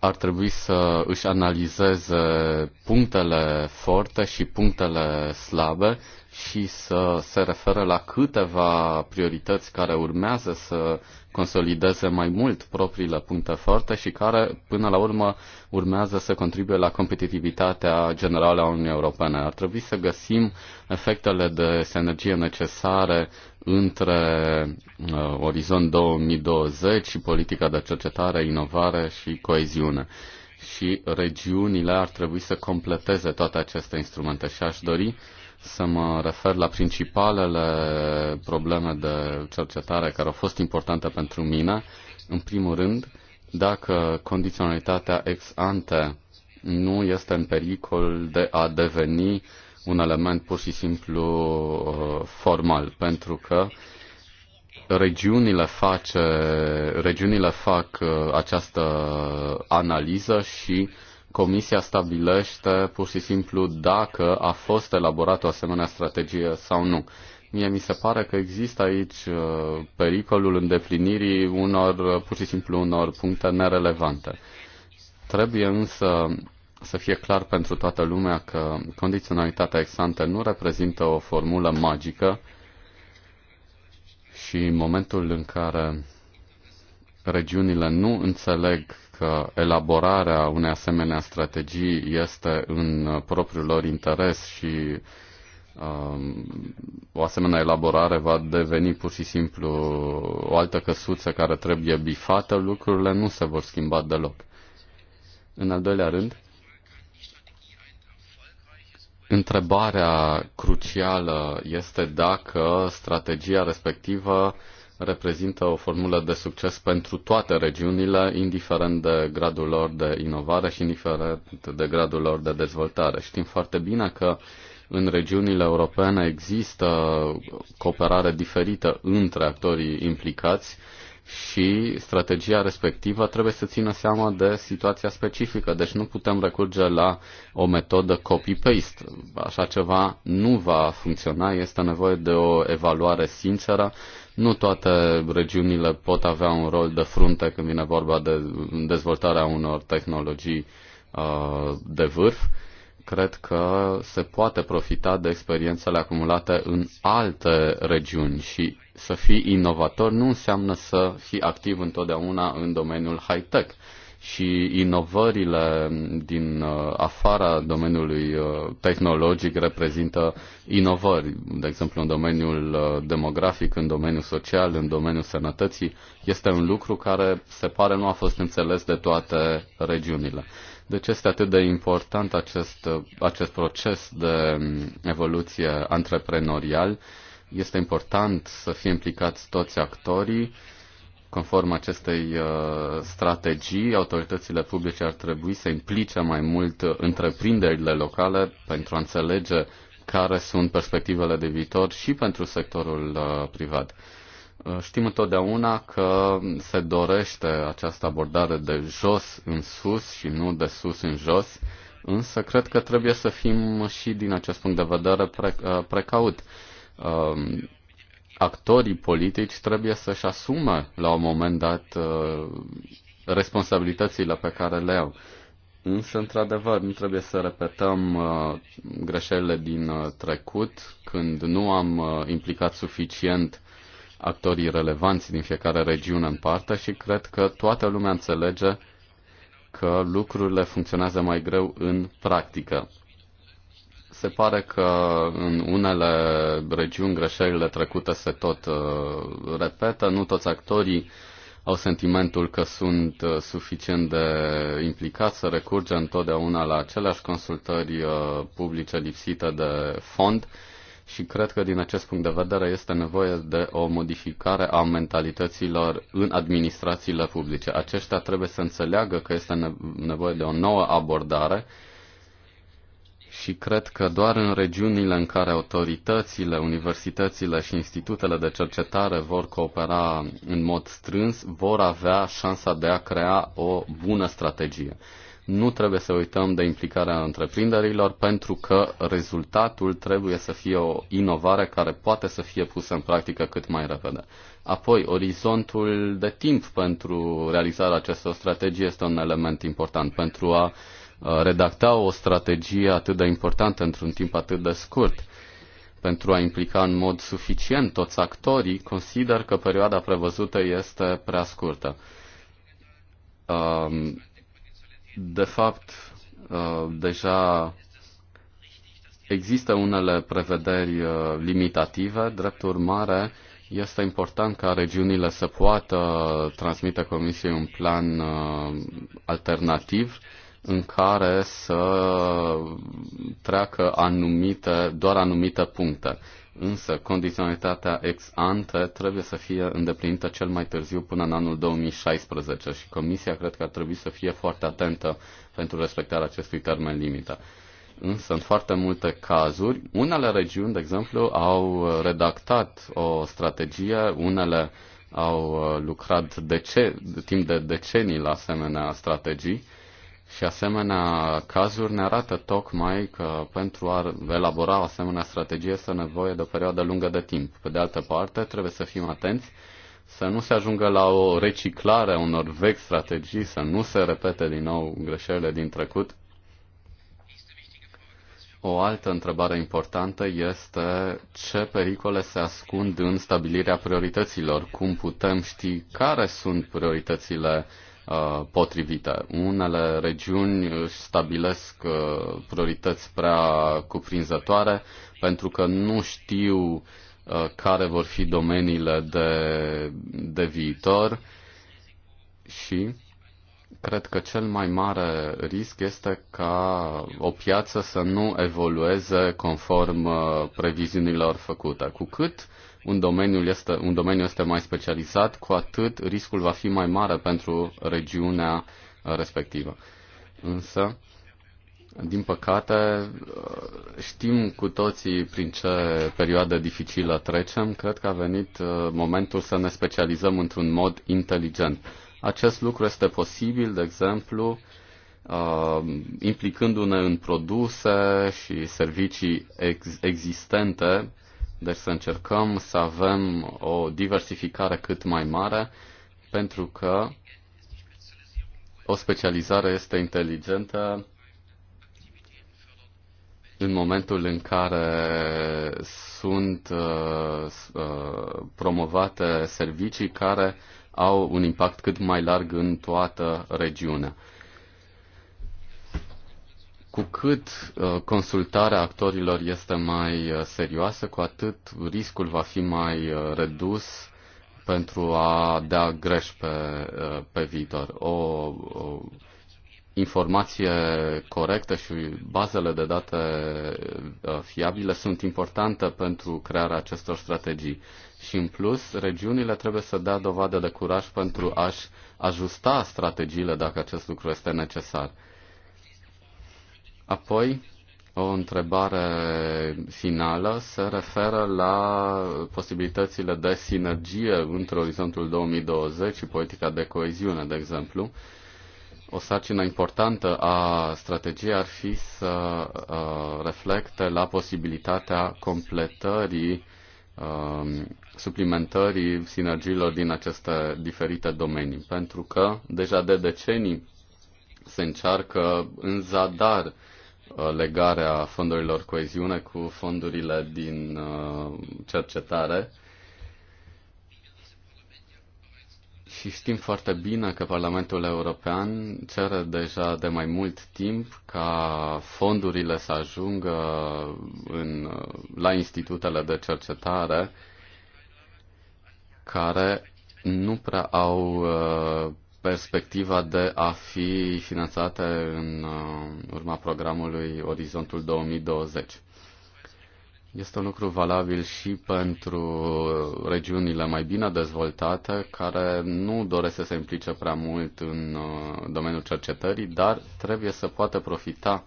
ar trebui să își analizeze punctele forte și punctele slabe și să se referă la câteva priorități care urmează să consolideze mai mult propriile puncte forte și care, până la urmă, urmează să contribuie la competitivitatea generală a Uniunii Europene. Ar trebui să găsim efectele de sinergie necesare între uh, Orizont 2020 și politica de cercetare, inovare și coeziune. Și regiunile ar trebui să completeze toate aceste instrumente și aș dori să mă refer la principalele probleme de cercetare care au fost importante pentru mine. În primul rând, dacă condiționalitatea ex ante nu este în pericol de a deveni un element pur și simplu uh, formal, pentru că regiunile, face, regiunile fac uh, această analiză și uh, Comisia stabilește pur și simplu dacă a fost elaborată o asemenea strategie sau nu. Mie mi se pare că există aici uh, pericolul îndeplinirii unor, uh, pur și simplu unor puncte nerelevante. Trebuie însă să fie clar pentru toată lumea că condiționalitatea exantă nu reprezintă o formulă magică și în momentul în care regiunile nu înțeleg că elaborarea unei asemenea strategii este în propriul lor interes și um, o asemenea elaborare va deveni pur și simplu o altă căsuță care trebuie bifată, lucrurile nu se vor schimba deloc. În al doilea rând, întrebarea crucială este dacă strategia respectivă reprezintă o formulă de succes pentru toate regiunile, indiferent de gradul lor de inovare și indiferent de gradul lor de dezvoltare. Știm foarte bine că în regiunile europene există cooperare diferită între actorii implicați și strategia respectivă trebuie să țină seama de situația specifică, deci nu putem recurge la o metodă copy-paste. Așa ceva nu va funcționa, este nevoie de o evaluare sinceră nu toate regiunile pot avea un rol de frunte când vine vorba de dezvoltarea unor tehnologii uh, de vârf. Cred că se poate profita de experiențele acumulate în alte regiuni și să fii inovator nu înseamnă să fii activ întotdeauna în domeniul high-tech și inovările din uh, afara domeniului uh, tehnologic reprezintă inovări, de exemplu în domeniul uh, demografic, în domeniul social, în domeniul sănătății, este un lucru care se pare nu a fost înțeles de toate regiunile. Deci este atât de important acest, acest proces de um, evoluție antreprenorial. Este important să fie implicați toți actorii Conform acestei uh, strategii, autoritățile publice ar trebui să implice mai mult uh, întreprinderile locale pentru a înțelege care sunt perspectivele de viitor și pentru sectorul uh, privat. Știm întotdeauna că se dorește această abordare de jos în sus și nu de sus în jos, însă cred că trebuie să fim și din acest punct de vedere pre, precaut actorii politici trebuie să-și asume la un moment dat uh, responsabilitățile pe care le au. Însă, într-adevăr, nu trebuie să repetăm uh, greșelile din uh, trecut, când nu am implicat suficient actorii relevanți din fiecare regiune în parte și cred că toată lumea înțelege că lucrurile funcționează mai greu în practică se pare că în unele regiuni greșelile trecute se tot uh, repetă, nu toți actorii au sentimentul că sunt uh, suficient de implicați să recurge întotdeauna la aceleași consultări uh, publice lipsite de fond și cred că din acest punct de vedere este nevoie de o modificare a mentalităților în administrațiile publice. Aceștia trebuie să înțeleagă că este nevoie de o nouă abordare și cred că doar în regiunile în care autoritățile, universitățile și institutele de cercetare vor coopera în mod strâns, vor avea șansa de a crea o bună strategie. Nu trebuie să uităm de implicarea întreprinderilor pentru că rezultatul trebuie să fie o inovare care poate să fie pusă în practică cât mai repede. Apoi, orizontul de timp pentru realizarea acestor strategii este un element important pentru a uh, Uh, redacta o strategie atât de importantă într-un timp atât de scurt pentru a implica în mod suficient toți actorii, consider că perioada prevăzută este prea scurtă. Um, de fapt, uh, deja există unele prevederi uh, limitative, drept urmare, este important ca regiunile să poată transmite Comisiei un plan alternativ în care să treacă anumite, doar anumite puncte. Însă, condiționalitatea ex ante trebuie să fie îndeplinită cel mai târziu până în anul 2016 și Comisia cred că ar trebui să fie foarte atentă pentru respectarea acestui termen limită. Însă, în foarte multe cazuri, unele regiuni, de exemplu, au redactat o strategie, unele au uh, lucrat de ce timp de decenii la asemenea strategii și asemenea cazuri ne arată tocmai că pentru a elabora o asemenea strategie este nevoie de o perioadă lungă de timp. Pe de altă parte, trebuie să fim atenți să nu se ajungă la o reciclare a unor vechi strategii, să nu se repete din nou greșelile din trecut. O altă întrebare importantă este ce pericole se ascund în stabilirea priorităților, cum putem ști care sunt prioritățile uh, Uh, potrivită. Unele regiuni își stabilesc uh, priorități prea cuprinzătoare pentru că nu știu uh, care vor fi domeniile de, de viitor și cred că cel mai mare risc este ca o piață să nu evolueze conform previziunilor făcute. Cu cât uh, un domeniu este, un domeniu este mai specializat, cu atât riscul va fi mai mare pentru regiunea uh, respectivă. Însă, din păcate, uh, știm cu toții prin ce perioadă dificilă trecem. Cred că a venit uh, momentul să ne specializăm într-un mod inteligent. Acest lucru este posibil, de exemplu, implicându-ne în produse și servicii ex- existente deci să încercăm să avem o diversificare cât mai mare, pentru că o specializare este inteligentă în momentul în care sunt uh, uh, promovate servicii care au un impact cât mai larg în toată regiunea. Cu cât uh, consultarea actorilor este mai uh, serioasă, cu atât riscul va fi mai uh, redus pentru a da greș pe, pe viitor. O, o informație corectă și bazele de date fiabile sunt importante pentru crearea acestor strategii. Și în plus, regiunile trebuie să dea dovadă de curaj pentru a-și ajusta strategiile dacă acest lucru este necesar. Apoi, o întrebare finală se referă la posibilitățile de sinergie între orizontul 2020 și politica de coeziune, de exemplu. O sarcină importantă a strategiei ar fi să uh, reflecte la posibilitatea completării, uh, suplimentării sinergiilor din aceste diferite domenii, pentru că deja de decenii se încearcă în zadar uh, Uh, legarea fondurilor coeziune cu fondurile din uh, cercetare. Și știm foarte bine că Parlamentul European cere deja de mai mult timp ca fondurile să ajungă în, uh, la institutele de cercetare care nu prea au perspectiva de a fi finanțate în uh, urma programului Orizontul 2020. Este un lucru valabil și pentru regiunile mai bine dezvoltate, care nu doresc să se implice prea mult în uh, domeniul cercetării, dar trebuie să poată profita,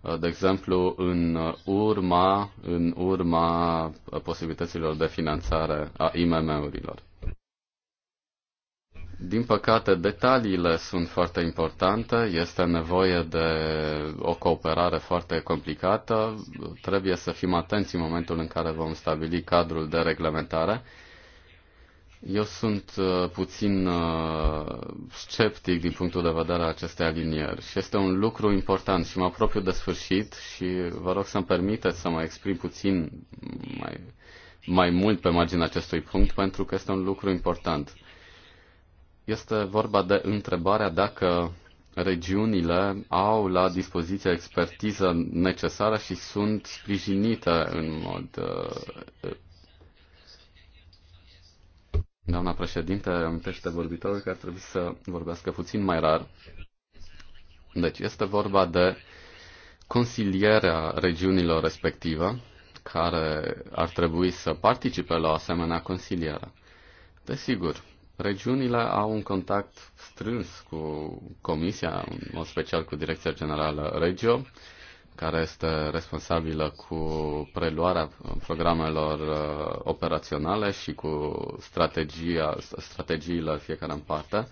uh, de exemplu, în urma, în urma posibilităților de finanțare a IMM-urilor. Din păcate, detaliile sunt foarte importante, este nevoie de o cooperare foarte complicată, trebuie să fim atenți în momentul în care vom stabili cadrul de reglementare. Eu sunt uh, puțin uh, sceptic din punctul de vedere al acestei alinieri și este un lucru important și mă apropiu de sfârșit și vă rog să-mi permiteți să mă exprim puțin mai, mai mult pe marginea acestui punct pentru că este un lucru important este vorba de întrebarea dacă regiunile au la dispoziție expertiză necesară și sunt sprijinite în mod. Uh, Doamna președinte, amintește vorbitorul că ar trebui să vorbească puțin mai rar. Deci este vorba de consilierea regiunilor respective care ar trebui să participe la o asemenea consiliere. Desigur, Regiunile au un contact strâns cu Comisia, în mod special cu Direcția Generală Regio, care este responsabilă cu preluarea programelor uh, operaționale și cu strategia, strategiile fiecare în parte.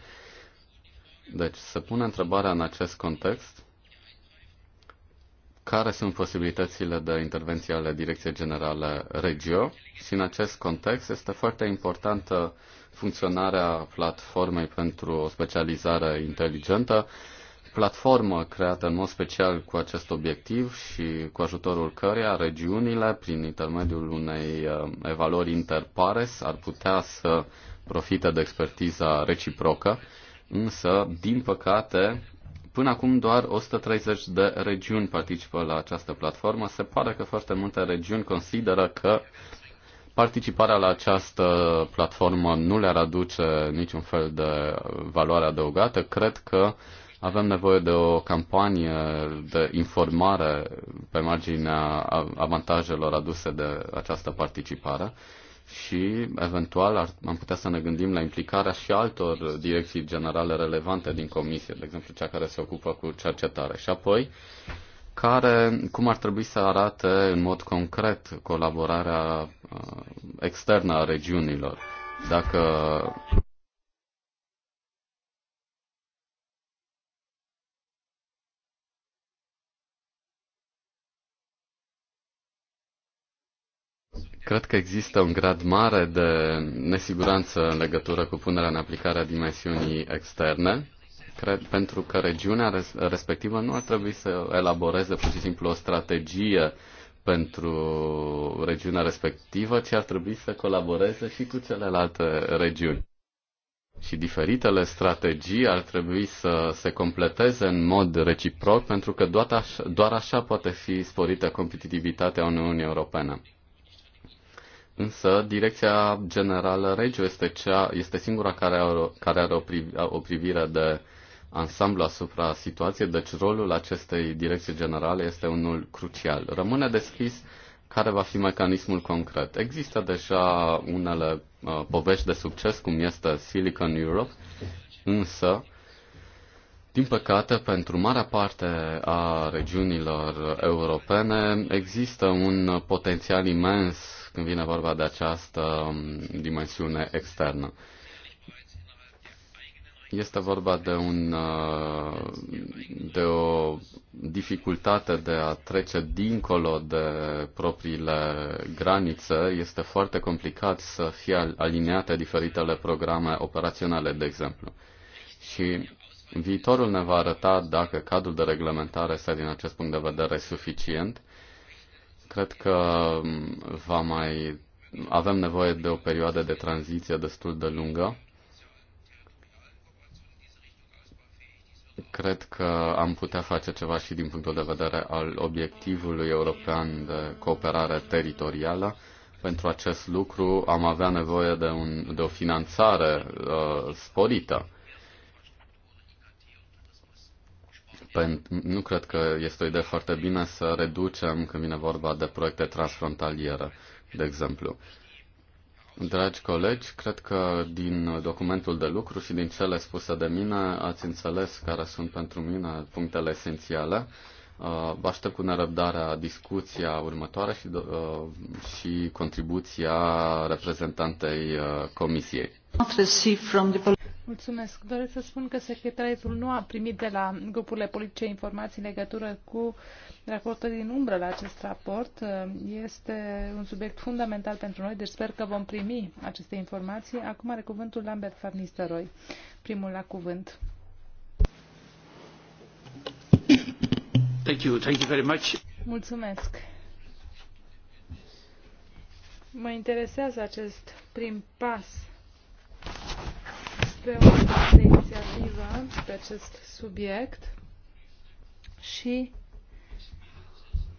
Deci se pune întrebarea în acest context care sunt posibilitățile de intervenție ale Direcției Generale Regio și în acest context este foarte importantă uh, funcționarea platformei pentru o specializare inteligentă, platformă creată în mod special cu acest obiectiv și cu ajutorul căreia regiunile, prin intermediul unei uh, evaluări interpares, ar putea să profite de expertiza reciprocă, însă, din păcate, Până acum doar 130 de regiuni participă la această platformă. Se pare că foarte multe regiuni consideră că Participarea la această platformă nu le-ar aduce niciun fel de valoare adăugată. Cred că avem nevoie de o campanie de informare pe marginea avantajelor aduse de această participare și eventual ar, am putea să ne gândim la implicarea și altor direcții generale relevante din comisie, de exemplu cea care se ocupă cu cercetare. Și apoi, care, cum ar trebui să arate în mod concret colaborarea Uh, externă a regiunilor. Dacă Cred că există un grad mare de nesiguranță în legătură cu punerea în aplicare a dimensiunii externe, cred, pentru că regiunea respectivă nu ar trebui să elaboreze pur și simplu o strategie uh, pentru regiunea respectivă, ci ar trebui să colaboreze și cu celelalte regiuni. Și diferitele strategii ar trebui să se completeze în mod reciproc, pentru că doar așa, doar așa poate fi sporită competitivitatea Uniunii Europene. Însă, direcția generală Regio este, cea, este singura care are, o, care are o, pri, o privire de uh, ansamblu asupra situației, deci rolul acestei direcții generale este unul crucial. Rămâne deschis care va fi mecanismul concret. Există deja unele uh, povești de succes, cum este Silicon Europe, însă, din păcate, pentru marea parte a regiunilor europene există un potențial imens când vine vorba de această um, dimensiune externă. Este vorba de, un, uh, de o dificultate de a trece dincolo de propriile granițe. Este foarte complicat să fie aliniate diferitele programe operaționale, de exemplu. Și viitorul ne va arăta dacă cadrul de reglementare este din acest punct de vedere suficient. Cred că um, va mai avem nevoie de o perioadă de tranziție destul de lungă Cred că am putea face ceva și din punctul de vedere al obiectivului european de cooperare teritorială. Pentru acest lucru am avea nevoie de, un, de o finanțare uh, sporită. nu cred că este o idee foarte bine să reducem când vine vorba de proiecte transfrontaliere, de exemplu. Dragi colegi, cred că din documentul de lucru și din cele spuse de mine ați înțeles care sunt pentru mine punctele esențiale. Uh, vă aștept cu nerăbdarea discuția următoare și, uh, și contribuția reprezentantei uh, Comisiei. Mulțumesc. Doresc să spun că secretariatul nu a primit de la grupurile politice informații în legătură cu raportul din umbră la acest raport. Este un subiect fundamental pentru noi, deci sper că vom primi aceste informații. Acum are cuvântul Lambert Farnisteroi, primul la cuvânt. Thank you. Thank you very much. Mulțumesc. Mă interesează acest prim pas pe o inițiativă pe acest subiect și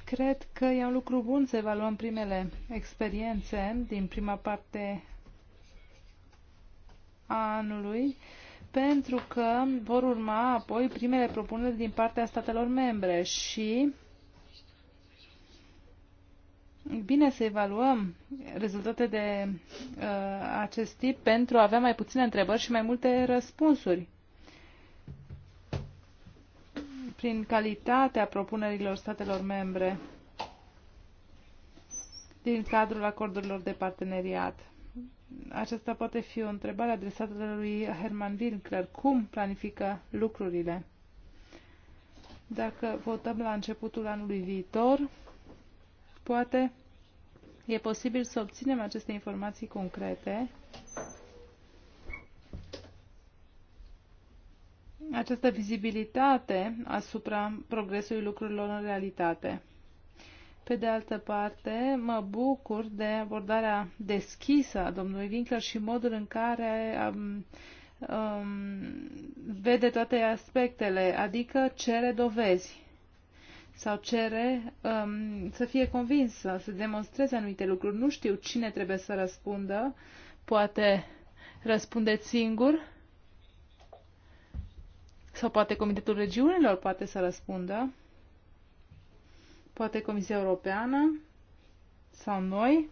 cred că e un lucru bun să evaluăm primele experiențe din prima parte a anului, pentru că vor urma apoi primele propuneri din partea statelor membre și bine să evaluăm rezultate de uh, acest tip pentru a avea mai puține întrebări și mai multe răspunsuri. Prin calitatea propunerilor statelor membre din cadrul acordurilor de parteneriat. Aceasta poate fi o întrebare adresată lui Herman Winkler. Cum planifică lucrurile? Dacă votăm la începutul anului viitor, Poate e posibil să obținem aceste informații concrete. Această vizibilitate asupra progresului lucrurilor în realitate. Pe de altă parte, mă bucur de abordarea deschisă a domnului Winkler și modul în care um, um, vede toate aspectele, adică cere dovezi sau cere um, să fie convinsă, să demonstreze anumite lucruri. Nu știu cine trebuie să răspundă, poate răspundeți singur sau poate Comitetul Regiunilor poate să răspundă, poate Comisia Europeană sau noi.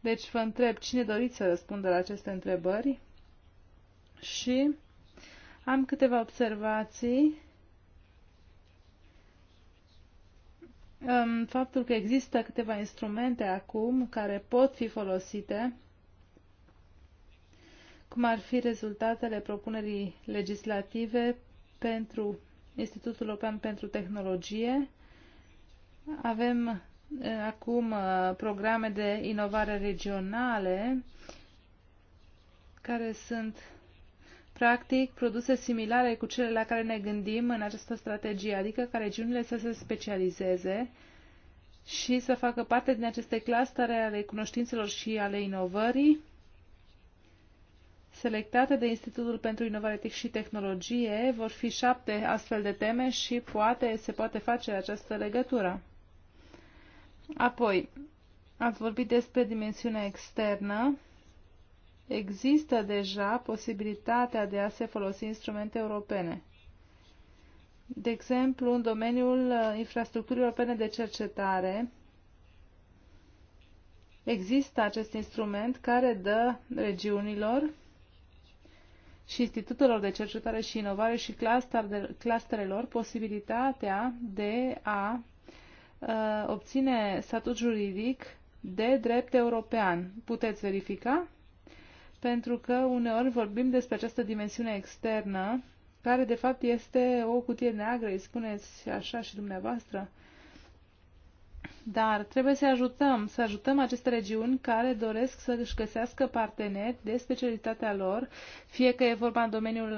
Deci vă întreb cine doriți să răspundă la aceste întrebări și am câteva observații faptul că există câteva instrumente acum care pot fi folosite, cum ar fi rezultatele propunerii legislative pentru Institutul European pentru Tehnologie. Avem uh, acum uh, programe de inovare regionale care sunt practic, produse similare cu cele la care ne gândim în această strategie, adică ca regiunile să se specializeze și să facă parte din aceste clastere ale cunoștințelor și ale inovării, selectate de Institutul pentru Inovare Tech și Tehnologie. Vor fi șapte astfel de teme și poate se poate face această legătură. Apoi, ați vorbit despre dimensiunea externă există deja posibilitatea de a se folosi instrumente europene. De exemplu, în domeniul uh, infrastructurii europene de cercetare, există acest instrument care dă regiunilor și institutelor de cercetare și inovare și clusterelor posibilitatea de a uh, obține statut juridic de drept european. Puteți verifica? pentru că uneori vorbim despre această dimensiune externă, care de fapt este o cutie neagră, îi spuneți așa și dumneavoastră. Dar trebuie să ajutăm, să ajutăm aceste regiuni care doresc să își găsească parteneri de specialitatea lor, fie că e vorba în domeniul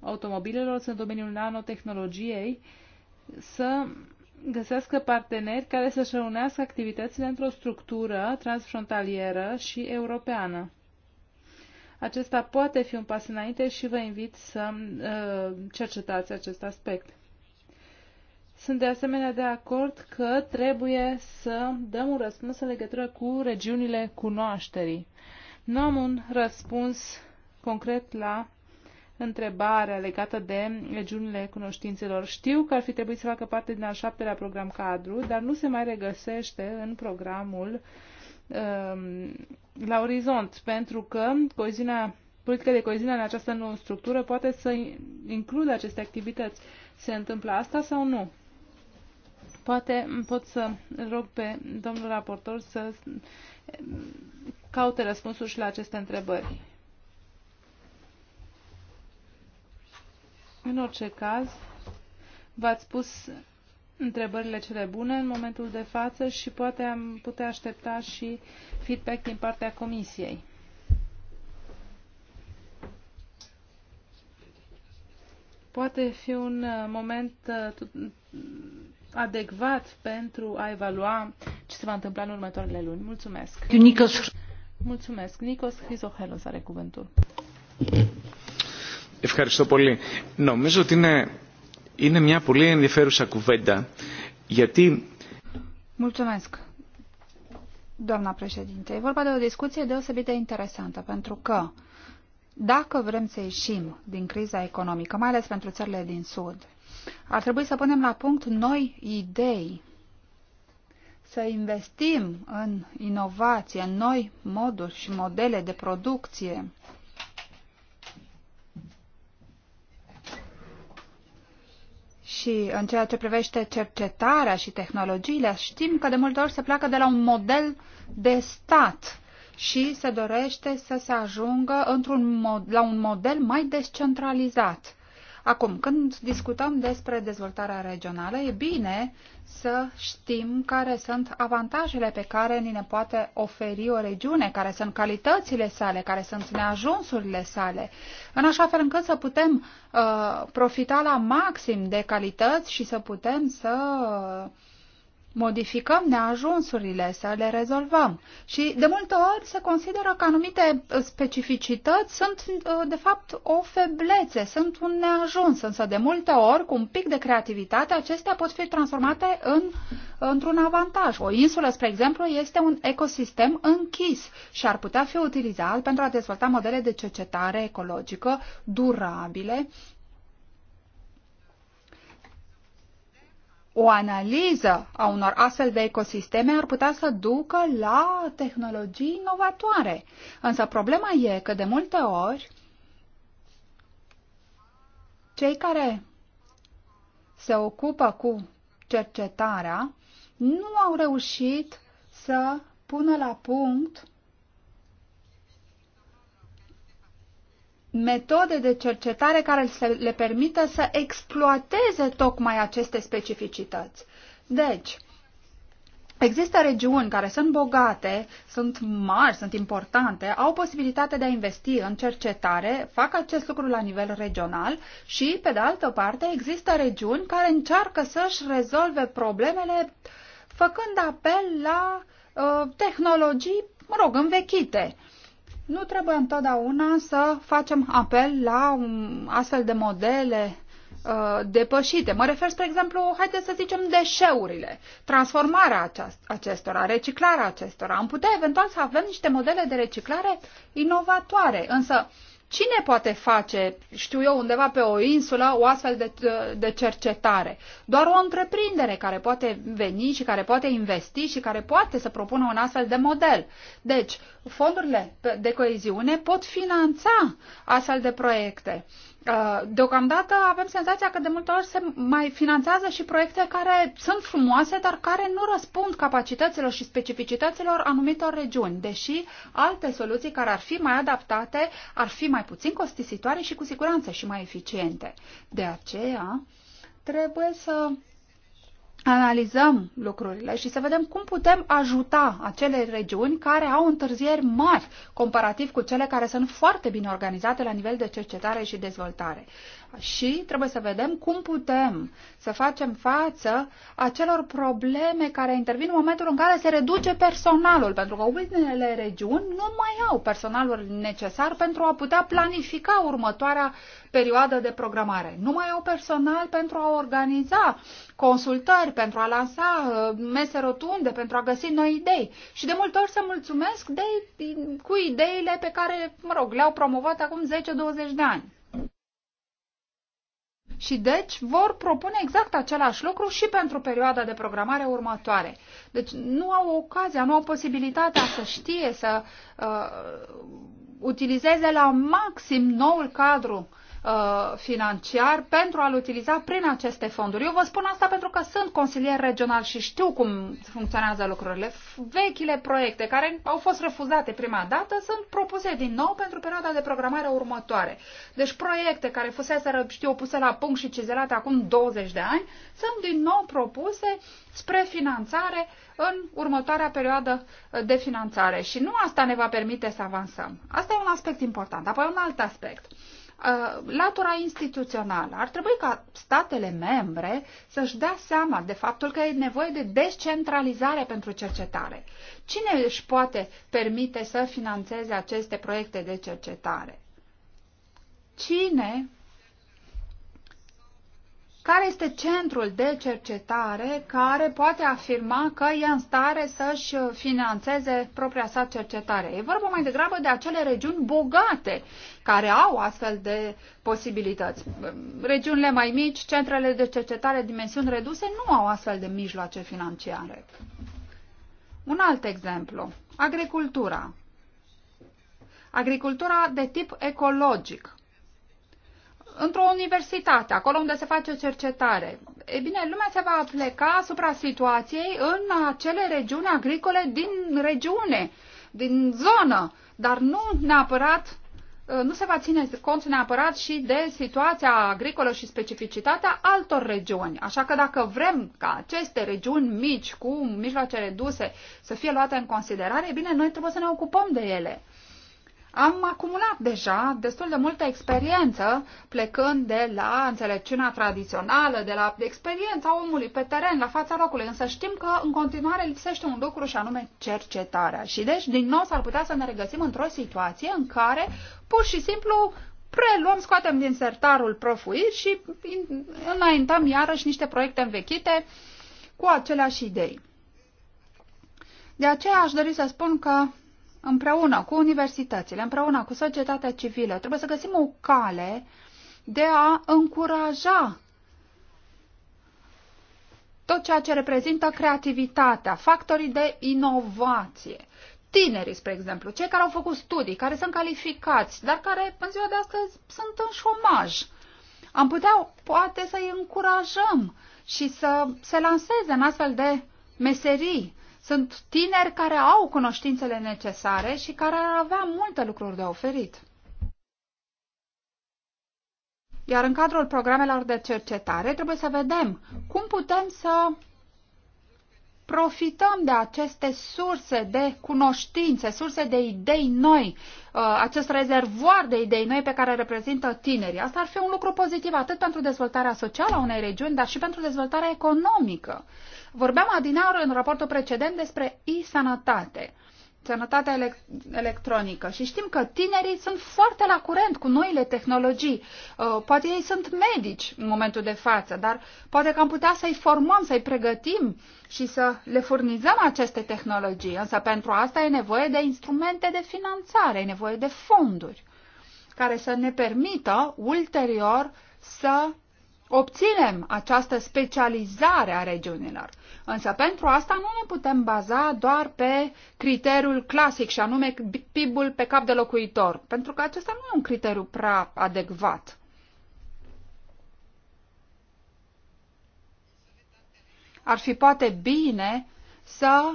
automobilelor sau în domeniul nanotehnologiei, să găsească parteneri care să-și reunească activitățile într-o structură transfrontalieră și europeană. Acesta poate fi un pas înainte și vă invit să uh, cercetați acest aspect. Sunt de asemenea de acord că trebuie să dăm un răspuns în legătură cu regiunile cunoașterii. Nu am un răspuns concret la întrebarea legată de regiunile cunoștințelor. Știu că ar fi trebuit să facă parte din al șaptelea program cadru, dar nu se mai regăsește în programul um, la orizont, pentru că coeziunea politica de coeziune în această nouă structură poate să includă aceste activități. Se întâmplă asta sau nu? Poate pot să rog pe domnul raportor să caute răspunsuri și la aceste întrebări. În orice caz, v-ați pus întrebările cele bune în momentul de față și poate am putea aștepta și feedback din partea Comisiei. Poate fi un uh, moment uh, uh, adecvat pentru a evalua ce se va întâmpla în următoarele luni. Mulțumesc! Nikos. Mulțumesc! Nikos Hrizohelos are cuvântul. Ευχαριστώ πολύ. Νομίζω ότι είναι, είναι μια πολύ ενδιαφέρουσα κουβέντα. Γιατί... Mulțumesc, doamna președinte. E vorba de o discuție deosebit de interesantă, pentru că dacă vrem să ieșim din criza economică, mai ales pentru țările din Sud, ar trebui să punem la punct noi idei, să investim în inovație, în noi moduri și modele de producție, Și în ceea ce privește cercetarea și tehnologiile, știm că de multe ori se pleacă de la un model de stat și se dorește să se ajungă într-un mod, la un model mai descentralizat. Acum, când discutăm despre dezvoltarea regională, e bine să știm care sunt avantajele pe care ni le poate oferi o regiune, care sunt calitățile sale, care sunt neajunsurile sale, în așa fel încât să putem uh, profita la maxim de calități și să putem să uh, modificăm neajunsurile, să le rezolvăm. Și de multe ori se consideră că anumite uh, specificități sunt, uh, de fapt, o feblețe, sunt un neajuns, însă de multe ori, cu un pic de creativitate, acestea pot fi transformate în, într-un avantaj. O insulă, spre exemplu, este un ecosistem închis și ar putea fi utilizat pentru a dezvolta modele de cercetare ecologică durabile o analiză a unor astfel de ecosisteme ar putea să ducă la tehnologii inovatoare. Însă problema e că de multe ori cei care se ocupă cu cercetarea nu au reușit să pună la punct metode de cercetare care să le permită să exploateze tocmai aceste specificități. Deci, Există regiuni care sunt bogate, sunt mari, sunt importante, au posibilitatea de a investi în cercetare, fac acest lucru la nivel regional și, pe de altă parte, există regiuni care încearcă să-și rezolve problemele făcând apel la uh, tehnologii, mă rog, învechite. Nu trebuie întotdeauna să facem apel la um, astfel de modele uh, depășite. Mă refer, spre exemplu, haideți să zicem deșeurile, transformarea acestora, reciclarea acestora. Am putea eventual să avem niște modele de reciclare inovatoare, însă uh, Cine poate face, știu eu, undeva pe o insulă, o astfel de, de cercetare? Doar o întreprindere care poate veni și care poate investi și care poate să propună un astfel de model. Deci, fondurile de coeziune pot finanța astfel de proiecte. Uh, deocamdată avem senzația că de multe ori se mai finanțează și proiecte care sunt frumoase, dar care nu răspund capacităților și specificităților anumitor regiuni, deși alte soluții care ar fi mai adaptate ar fi mai puțin costisitoare și cu siguranță și mai eficiente. De aceea trebuie să analizăm lucrurile și să vedem cum putem ajuta acele regiuni care au întârzieri mari comparativ cu cele care sunt foarte bine organizate la nivel de cercetare și dezvoltare și trebuie să vedem cum putem să facem față acelor probleme care intervin în momentul în care se reduce personalul, pentru că unele regiuni nu mai au personalul necesar pentru a putea planifica următoarea perioadă de programare. Nu mai au personal pentru a organiza consultări, pentru a lansa uh, mese rotunde, pentru a găsi noi idei. Și de multe ori se mulțumesc de, cu ideile pe care, mă rog, le-au promovat acum 10-20 de ani și deci vor propune exact același lucru și pentru perioada de programare următoare. Deci nu au ocazia, nu au posibilitatea să știe, să uh, utilizeze la maxim noul cadru uh, Uh, financiar pentru a-l utiliza prin aceste fonduri. Eu vă spun asta pentru că sunt consilier regional și știu cum funcționează lucrurile. Vechile proiecte care au fost refuzate prima dată sunt propuse din nou pentru perioada de programare următoare. Deci proiecte care fusese știu, puse la punct și cizelate acum 20 de ani, sunt din nou propuse spre finanțare în următoarea perioadă de finanțare. Și nu asta ne va permite să avansăm. Asta e un aspect important. Apoi un alt aspect. Uh, Uh, latura instituțională. Ar trebui ca statele membre să-și dea seama de faptul că e nevoie de descentralizare pentru cercetare. Cine își poate permite să financeze aceste proiecte de cercetare? Cine care este centrul de cercetare care poate afirma că e în stare să-și financeze propria sa cercetare. E vorba mai degrabă de acele regiuni bogate care au astfel de posibilități. Regiunile mai mici, centrele de cercetare dimensiuni reduse nu au astfel de mijloace financiare. Un alt exemplu, agricultura. Agricultura de tip ecologic într-o universitate, acolo unde se face o cercetare, e bine, lumea se va pleca asupra situației în acele regiuni agricole din regiune, din zonă, dar nu neapărat uh, nu se va ține cont neapărat și de situația agricolă și specificitatea altor regiuni. Așa că dacă vrem ca aceste regiuni mici, cu mijloace reduse, să fie luate în considerare, bine, noi trebuie să ne ocupăm de ele. Am acumulat deja destul de multă experiență plecând de la înțelepciunea tradițională, de la experiența omului pe teren, la fața locului, însă știm că în continuare lipsește un lucru și anume cercetarea. Și deci, din nou, s-ar putea să ne regăsim într-o situație în care pur și simplu preluăm, scoatem din sertarul profuit și înaintăm iarăși niște proiecte învechite cu aceleași idei. De aceea aș dori să spun că împreună cu universitățile, împreună cu societatea civilă, trebuie să găsim o cale de a încuraja tot ceea ce reprezintă creativitatea, factorii de inovație. Tinerii, spre exemplu, cei care au făcut studii, care sunt calificați, dar care în ziua de astăzi sunt în șomaj. Am putea, poate, să-i încurajăm și să se lanseze în astfel de meserii, sunt tineri care au cunoștințele necesare și care ar avea multe lucruri de oferit. Iar în cadrul programelor de cercetare trebuie să vedem cum putem să profităm de aceste surse de cunoștințe, surse de idei noi, uh, acest rezervoar de idei noi pe care reprezintă tinerii. Asta ar fi un lucru pozitiv atât pentru dezvoltarea socială a unei regiuni, dar și pentru dezvoltarea economică. Vorbeam adinaur în raportul precedent despre e-sănătate, sănătatea ele- electronică și știm că tinerii sunt foarte la curent cu noile tehnologii. Uh, poate ei sunt medici în momentul de față, dar poate că am putea să-i formăm, să-i pregătim și să le furnizăm aceste tehnologii. Însă pentru asta e nevoie de instrumente de finanțare, e nevoie de fonduri care să ne permită ulterior să obținem această specializare a regiunilor. Însă pentru asta nu ne putem baza doar pe criteriul clasic și anume PIB-ul pe cap de locuitor, pentru că acesta nu e un criteriu prea adecvat. Ar fi poate bine să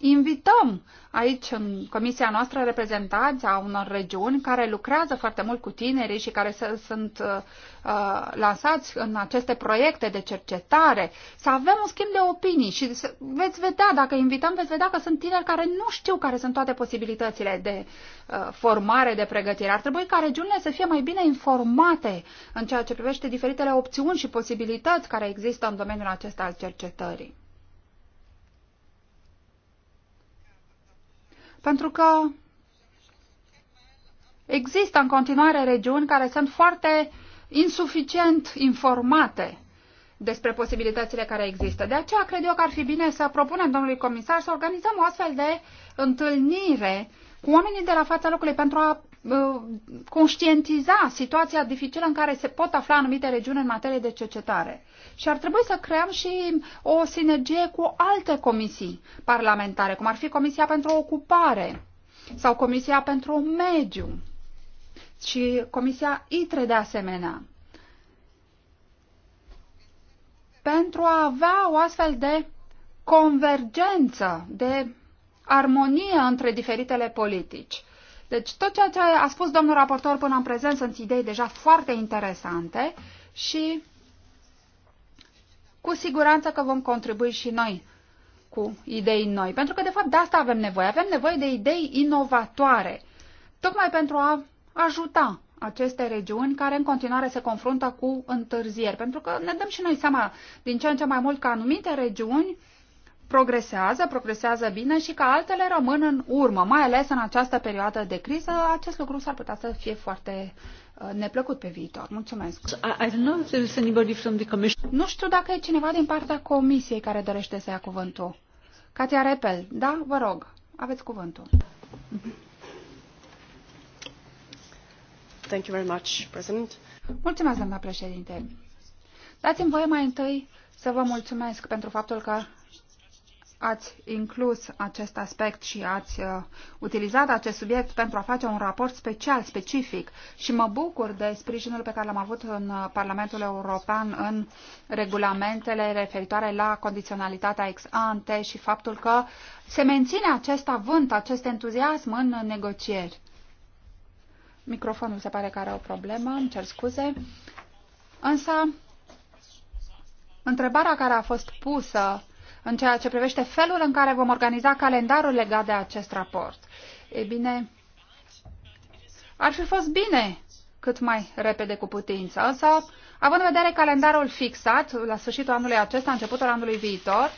invităm aici, în comisia noastră, reprezentanți a unor regiuni care lucrează foarte mult cu tinerii și care sunt uh, uh, lansați în aceste proiecte de cercetare, să avem un schimb de opinii și să, veți vedea, dacă invităm, veți vedea că sunt tineri care nu știu care sunt toate posibilitățile de uh, formare, de pregătire. Ar trebui ca regiunile să fie mai bine informate în ceea ce privește diferitele opțiuni și posibilități care există în domeniul acesta al cercetării. Pentru că există în continuare regiuni care sunt foarte insuficient informate despre posibilitățile care există. De aceea cred eu că ar fi bine să propunem domnului comisar să organizăm o astfel de întâlnire cu oamenii de la fața locului pentru a Uh, conștientiza situația dificilă în care se pot afla anumite regiuni în materie de cercetare. Și ar trebui să creăm și o sinergie cu alte comisii parlamentare, cum ar fi Comisia pentru Ocupare sau Comisia pentru Mediu și Comisia ITRE de asemenea pentru a avea o astfel de convergență, de armonie între diferitele politici. Deci tot ceea ce a spus domnul raportor până în prezent sunt idei deja foarte interesante și cu siguranță că vom contribui și noi cu idei noi. Pentru că, de fapt, de asta avem nevoie. Avem nevoie de idei inovatoare, tocmai pentru a ajuta aceste regiuni care în continuare se confruntă cu întârzieri. Pentru că ne dăm și noi seama din ce în ce mai mult că anumite regiuni progresează, progresează bine și că altele rămân în urmă, mai ales în această perioadă de criză. Acest lucru s-ar putea să fie foarte uh, neplăcut pe viitor. Mulțumesc. nu știu dacă e cineva din partea comisiei care dorește să ia cuvântul. Katia Repel, da? Vă rog, aveți cuvântul. Thank you very much, President. Mulțumesc, doamna președinte. Dați-mi voie mai întâi să vă mulțumesc pentru faptul că ați inclus acest aspect și ați uh, utilizat acest subiect pentru a face un raport special, specific și mă bucur de sprijinul pe care l-am avut în Parlamentul European în regulamentele referitoare la condiționalitatea ex ante și faptul că se menține acest avânt, acest entuziasm în negocieri. Microfonul se pare că are o problemă, îmi cer scuze. Însă, întrebarea care a fost pusă în ceea ce privește felul în care vom organiza calendarul legat de acest raport. Ei bine, ar fi fost bine cât mai repede cu putință, însă, având în vedere calendarul fixat la sfârșitul anului acesta, începutul anului viitor,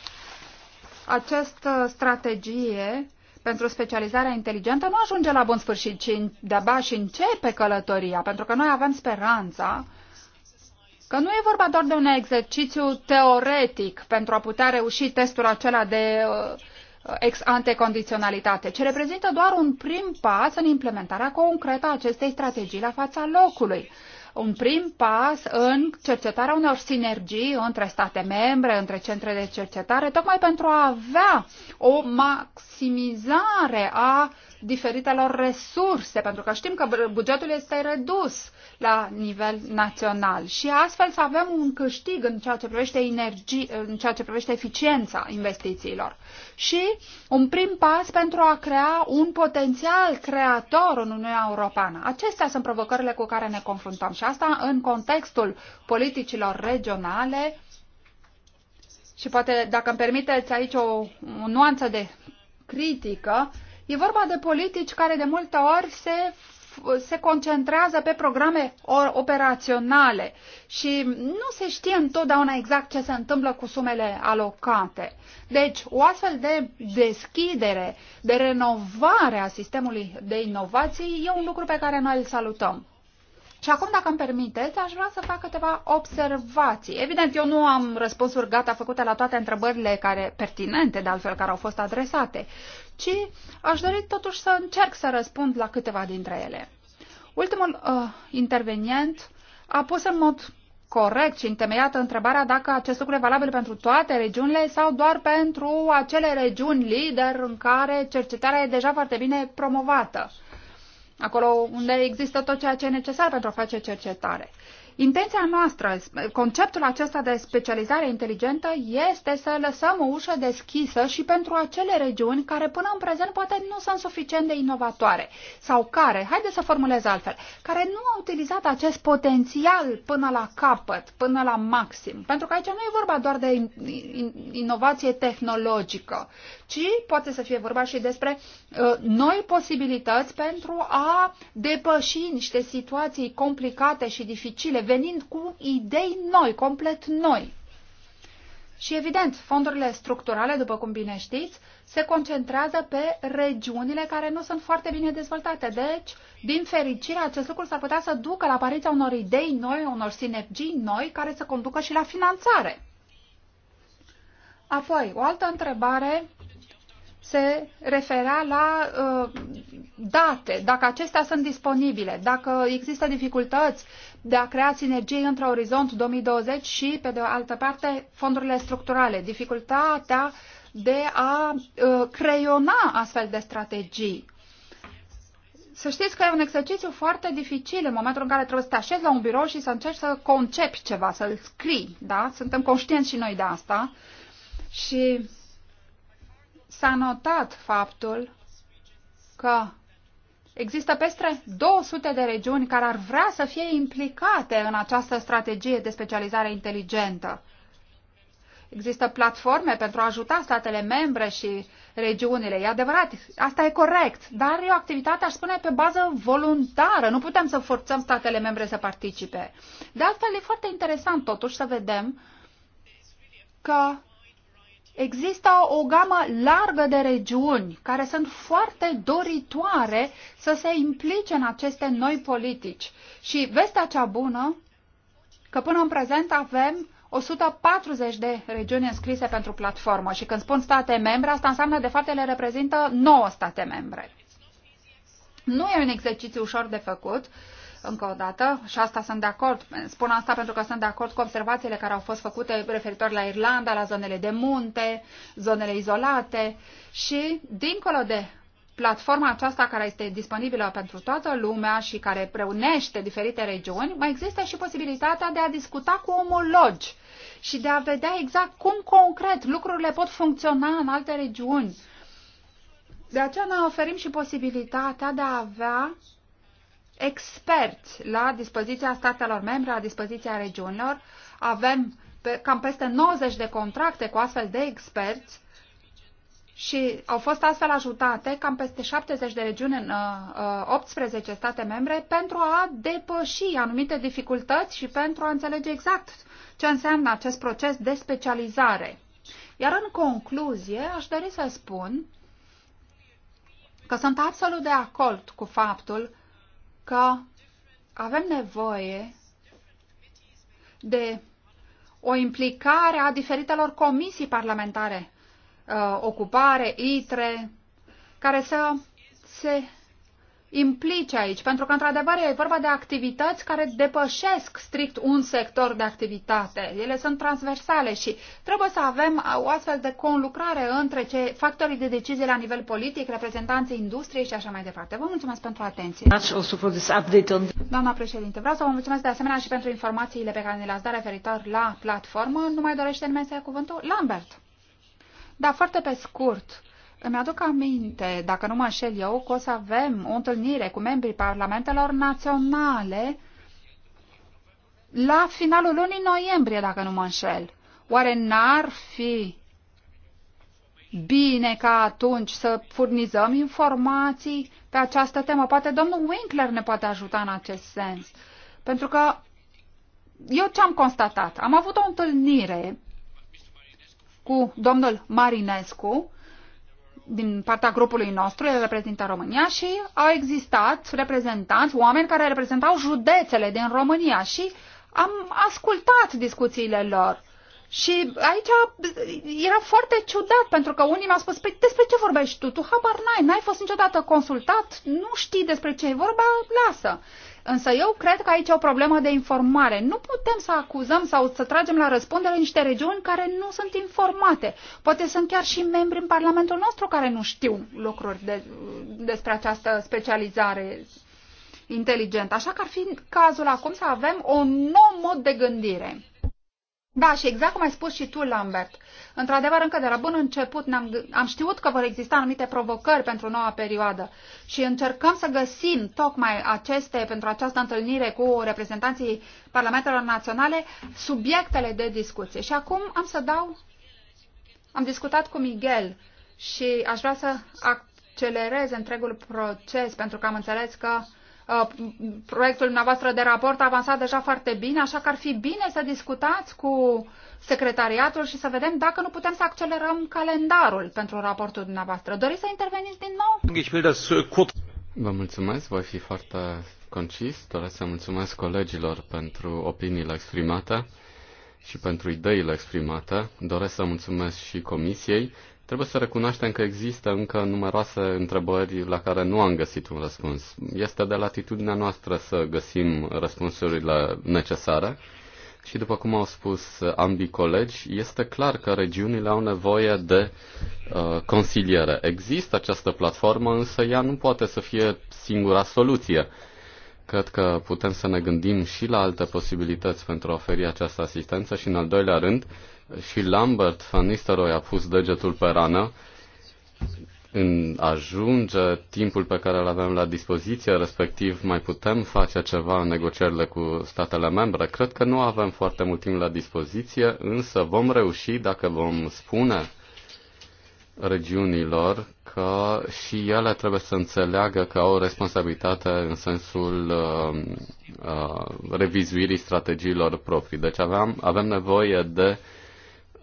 această strategie pentru specializarea inteligentă nu ajunge la bun sfârșit, ci de-abia și începe călătoria, pentru că noi avem speranța uh, că nu e vorba doar de un exercițiu teoretic pentru a putea reuși testul acela de uh, ex ante condiționalitate, ce reprezintă doar un prim pas în implementarea concretă a acestei strategii la fața locului un prim pas în cercetarea unor sinergii între state membre, între centre de cercetare, tocmai pentru a avea o maximizare a diferitelor resurse, pentru că știm că bugetul este redus la nivel național și astfel să avem un câștig în ceea ce privește, energie, în ceea ce privește eficiența investițiilor și un prim pas pentru a crea un potențial creator în Uniunea Europeană. Acestea sunt provocările cu care ne confruntăm și asta în contextul politicilor regionale și poate, dacă îmi permiteți aici o, o nuanță de critică, e vorba de politici care de multe ori se se concentrează pe programe operaționale și nu se știe întotdeauna exact ce se întâmplă cu sumele alocate. Deci, o astfel de deschidere, de renovare a sistemului de inovații e un lucru pe care noi îl salutăm. Și acum, dacă îmi permiteți, aș vrea să fac câteva observații. Evident, eu nu am răspunsuri gata făcute la toate întrebările care, pertinente, de altfel, care au fost adresate, ci aș dori totuși să încerc să răspund la câteva dintre ele. Ultimul uh, intervenient a pus în mod corect și întemeiată întrebarea dacă acest lucru e valabil pentru toate regiunile sau doar pentru acele regiuni lider în care cercetarea e deja foarte bine promovată. Uh, acolo unde există tot ceea ce e necesar pentru a face cercetare. Intenția noastră, conceptul acesta de specializare inteligentă este să lăsăm o ușă deschisă și pentru acele regiuni care până în prezent poate nu sunt suficient de inovatoare sau care, haideți să formulez altfel, care nu au utilizat acest potențial până la capăt, până la maxim. Pentru că aici nu e vorba doar de in, in, inovație tehnologică, ci poate să fie vorba și despre uh, noi posibilități pentru a depăși niște situații complicate și dificile, venind cu idei noi, complet noi. Și evident, fondurile structurale, după cum bine știți, se concentrează pe regiunile care nu sunt foarte bine dezvoltate. Deci, din fericire, acest lucru s-ar putea să ducă la apariția unor idei noi, unor sinergii noi, care să conducă și la finanțare. Apoi, o altă întrebare se referea la uh, date, dacă acestea sunt disponibile, dacă există dificultăți de a crea sinergie între Orizont 2020 și, pe de altă parte, fondurile structurale, dificultatea de a uh, creiona astfel de strategii. Să știți că e un exercițiu foarte dificil în momentul în care trebuie să te așezi la un birou și să încerci să concepi ceva, să-l scrii, da? Suntem conștienți și noi de asta. Și s-a notat faptul că există peste 200 de regiuni care ar vrea să fie implicate în această strategie de specializare inteligentă. Există platforme pentru a ajuta statele membre și regiunile. E adevărat, asta e corect, dar e o activitate, aș spune, pe bază voluntară. Nu putem să forțăm statele membre să participe. De altfel, e foarte interesant totuși să vedem că există o gamă largă de regiuni care sunt foarte doritoare să se implice în aceste noi politici. Și vestea cea bună că până în prezent avem 140 de regiuni înscrise pentru platformă și când spun state membre, asta înseamnă de fapt ele reprezintă 9 state membre. Nu e un exercițiu ușor de făcut, încă o dată, și asta sunt de acord, spun asta pentru că sunt de acord cu observațiile care au fost făcute referitor la Irlanda, la zonele de munte, zonele izolate și, dincolo de platforma aceasta care este disponibilă pentru toată lumea și care preunește diferite regiuni, mai există și posibilitatea de a discuta cu omologi și de a vedea exact cum concret lucrurile pot funcționa în alte regiuni. De aceea ne oferim și posibilitatea de a avea experți la dispoziția statelor membre, la dispoziția regiunilor. Avem pe, cam peste 90 de contracte cu astfel de experți și au fost astfel ajutate cam peste 70 de regiuni în uh, 18 uh, state membre pentru a depăși anumite dificultăți și pentru a înțelege exact ce înseamnă acest proces de specializare. Iar în concluzie, aș dori să spun că sunt absolut de acord cu faptul că avem nevoie de o implicare a diferitelor comisii parlamentare, uh, ocupare, ITRE, care să se implice aici, pentru că, într-adevăr, e vorba de activități care depășesc strict un sector de activitate. Ele sunt transversale și trebuie să avem o astfel de conlucrare între ce factorii de decizie la nivel politic, reprezentanții industriei și așa mai departe. Vă mulțumesc pentru atenție. Doamna președinte, vreau să vă mulțumesc de asemenea și pentru informațiile pe care ne le-ați dat referitor la platformă. Nu mai dorește nimeni să ia cuvântul? Lambert. Da, foarte pe scurt îmi aduc aminte, dacă nu mă înșel eu, că o să avem o întâlnire cu membrii parlamentelor naționale la finalul lunii noiembrie, dacă nu mă înșel. Oare n-ar fi bine ca atunci să furnizăm informații pe această temă? Poate domnul Winkler ne poate ajuta în acest sens. Pentru că eu ce am constatat? Am avut o întâlnire cu domnul Marinescu, din partea grupului nostru, el reprezintă România și au existat reprezentanți, oameni care reprezentau județele din România și am ascultat discuțiile lor. Și aici era foarte ciudat, pentru că unii mi-au spus, păi despre ce vorbești tu? Tu habar n-ai, n-ai fost niciodată consultat, nu știi despre ce e vorba, lasă. Însă eu cred că aici e o problemă de informare. Nu putem să acuzăm sau să tragem la răspundere niște regiuni care nu sunt informate. Poate sunt chiar și membri în Parlamentul nostru care nu știu lucruri de, despre această specializare inteligentă. Așa că ar fi cazul acum să avem un nou mod de gândire. Da, și exact cum ai spus și tu, Lambert, într-adevăr, încă de la bun început am am știut că vor exista anumite provocări pentru noua perioadă și încercăm să găsim tocmai aceste, pentru această întâlnire cu reprezentanții Parlamentelor Naționale, subiectele de discuție. Și acum am să dau, am discutat cu Miguel și aș vrea să accelerez întregul proces, pentru că am înțeles că uh, Uh, proiectul dumneavoastră de raport a avansat deja foarte bine, așa că ar fi bine să discutați cu secretariatul și să vedem dacă nu putem să accelerăm calendarul pentru raportul dumneavoastră. Doriți să interveniți din nou? Uh, Vă mulțumesc, voi fi foarte concis. Doresc să mulțumesc colegilor pentru opiniile exprimate și pentru ideile exprimate. Doresc să mulțumesc și comisiei Trebuie să recunoaștem că există încă numeroase întrebări la care nu am găsit un răspuns. Este de latitudinea noastră să găsim răspunsurile necesare și, după cum au spus ambii colegi, este clar că regiunile au nevoie de uh, consiliere. Există această platformă, însă ea nu poate să fie singura soluție. Uh, Cred că putem să ne gândim și la alte posibilități pentru a oferi această asistență și, în al doilea rând, și Lambert Van Nistelrooy a pus degetul pe rană în ajunge timpul pe care îl avem la dispoziție, respectiv mai putem face ceva în negocierile cu statele membre. Cred că nu avem foarte mult timp la dispoziție, însă vom reuși dacă vom spune regiunilor că și ele trebuie să înțeleagă că au o responsabilitate în sensul uh, uh, revizuirii strategiilor proprii. Deci aveam, avem nevoie de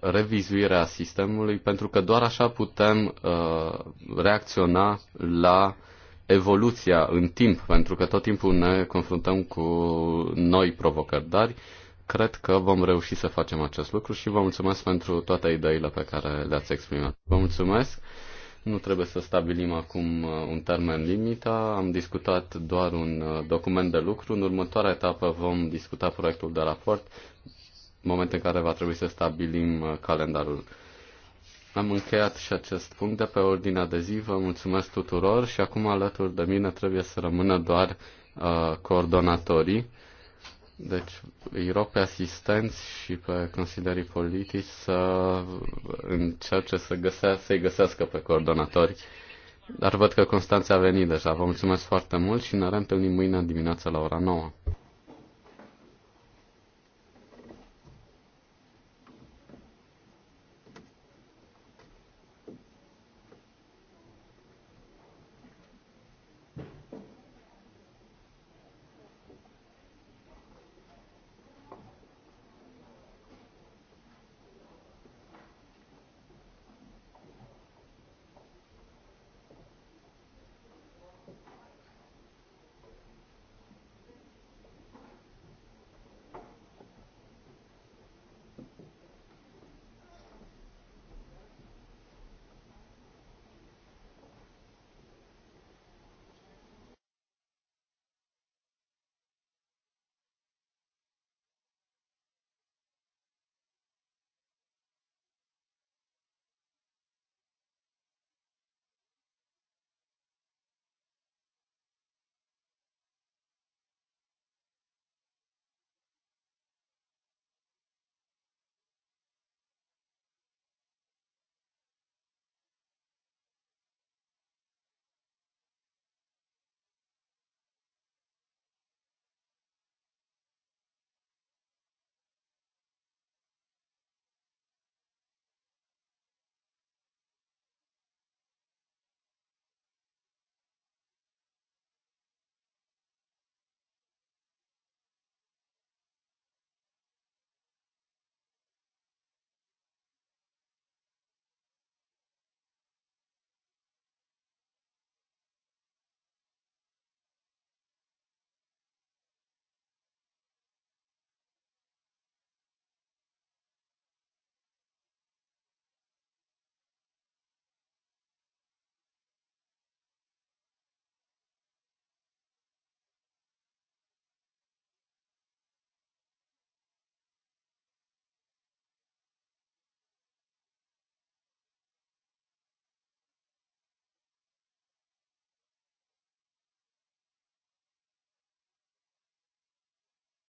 revizuirea sistemului pentru că doar așa putem uh, reacționa la evoluția în timp, pentru că tot timpul ne confruntăm cu noi provocări. Dar uh, cred că vom reuși să facem acest lucru și vă mulțumesc pentru toate ideile pe care le-ați exprimat. Vă mulțumesc. Nu trebuie să stabilim acum uh, un termen limită, am discutat doar un uh, document de lucru. În următoarea etapă vom discuta proiectul de raport, moment în care va trebui să stabilim uh, calendarul. Am încheiat și acest punct de pe ordinea de zi. Vă mulțumesc tuturor și acum alături de mine trebuie să rămână doar uh, coordonatorii. Deci îi rog pe asistenți și pe consilierii politici să încerce să găsea, să-i găsească pe coordonatori. Dar văd că Constanța a venit deja. Vă mulțumesc foarte mult și ne reîntâlnim mâine dimineața la ora 9.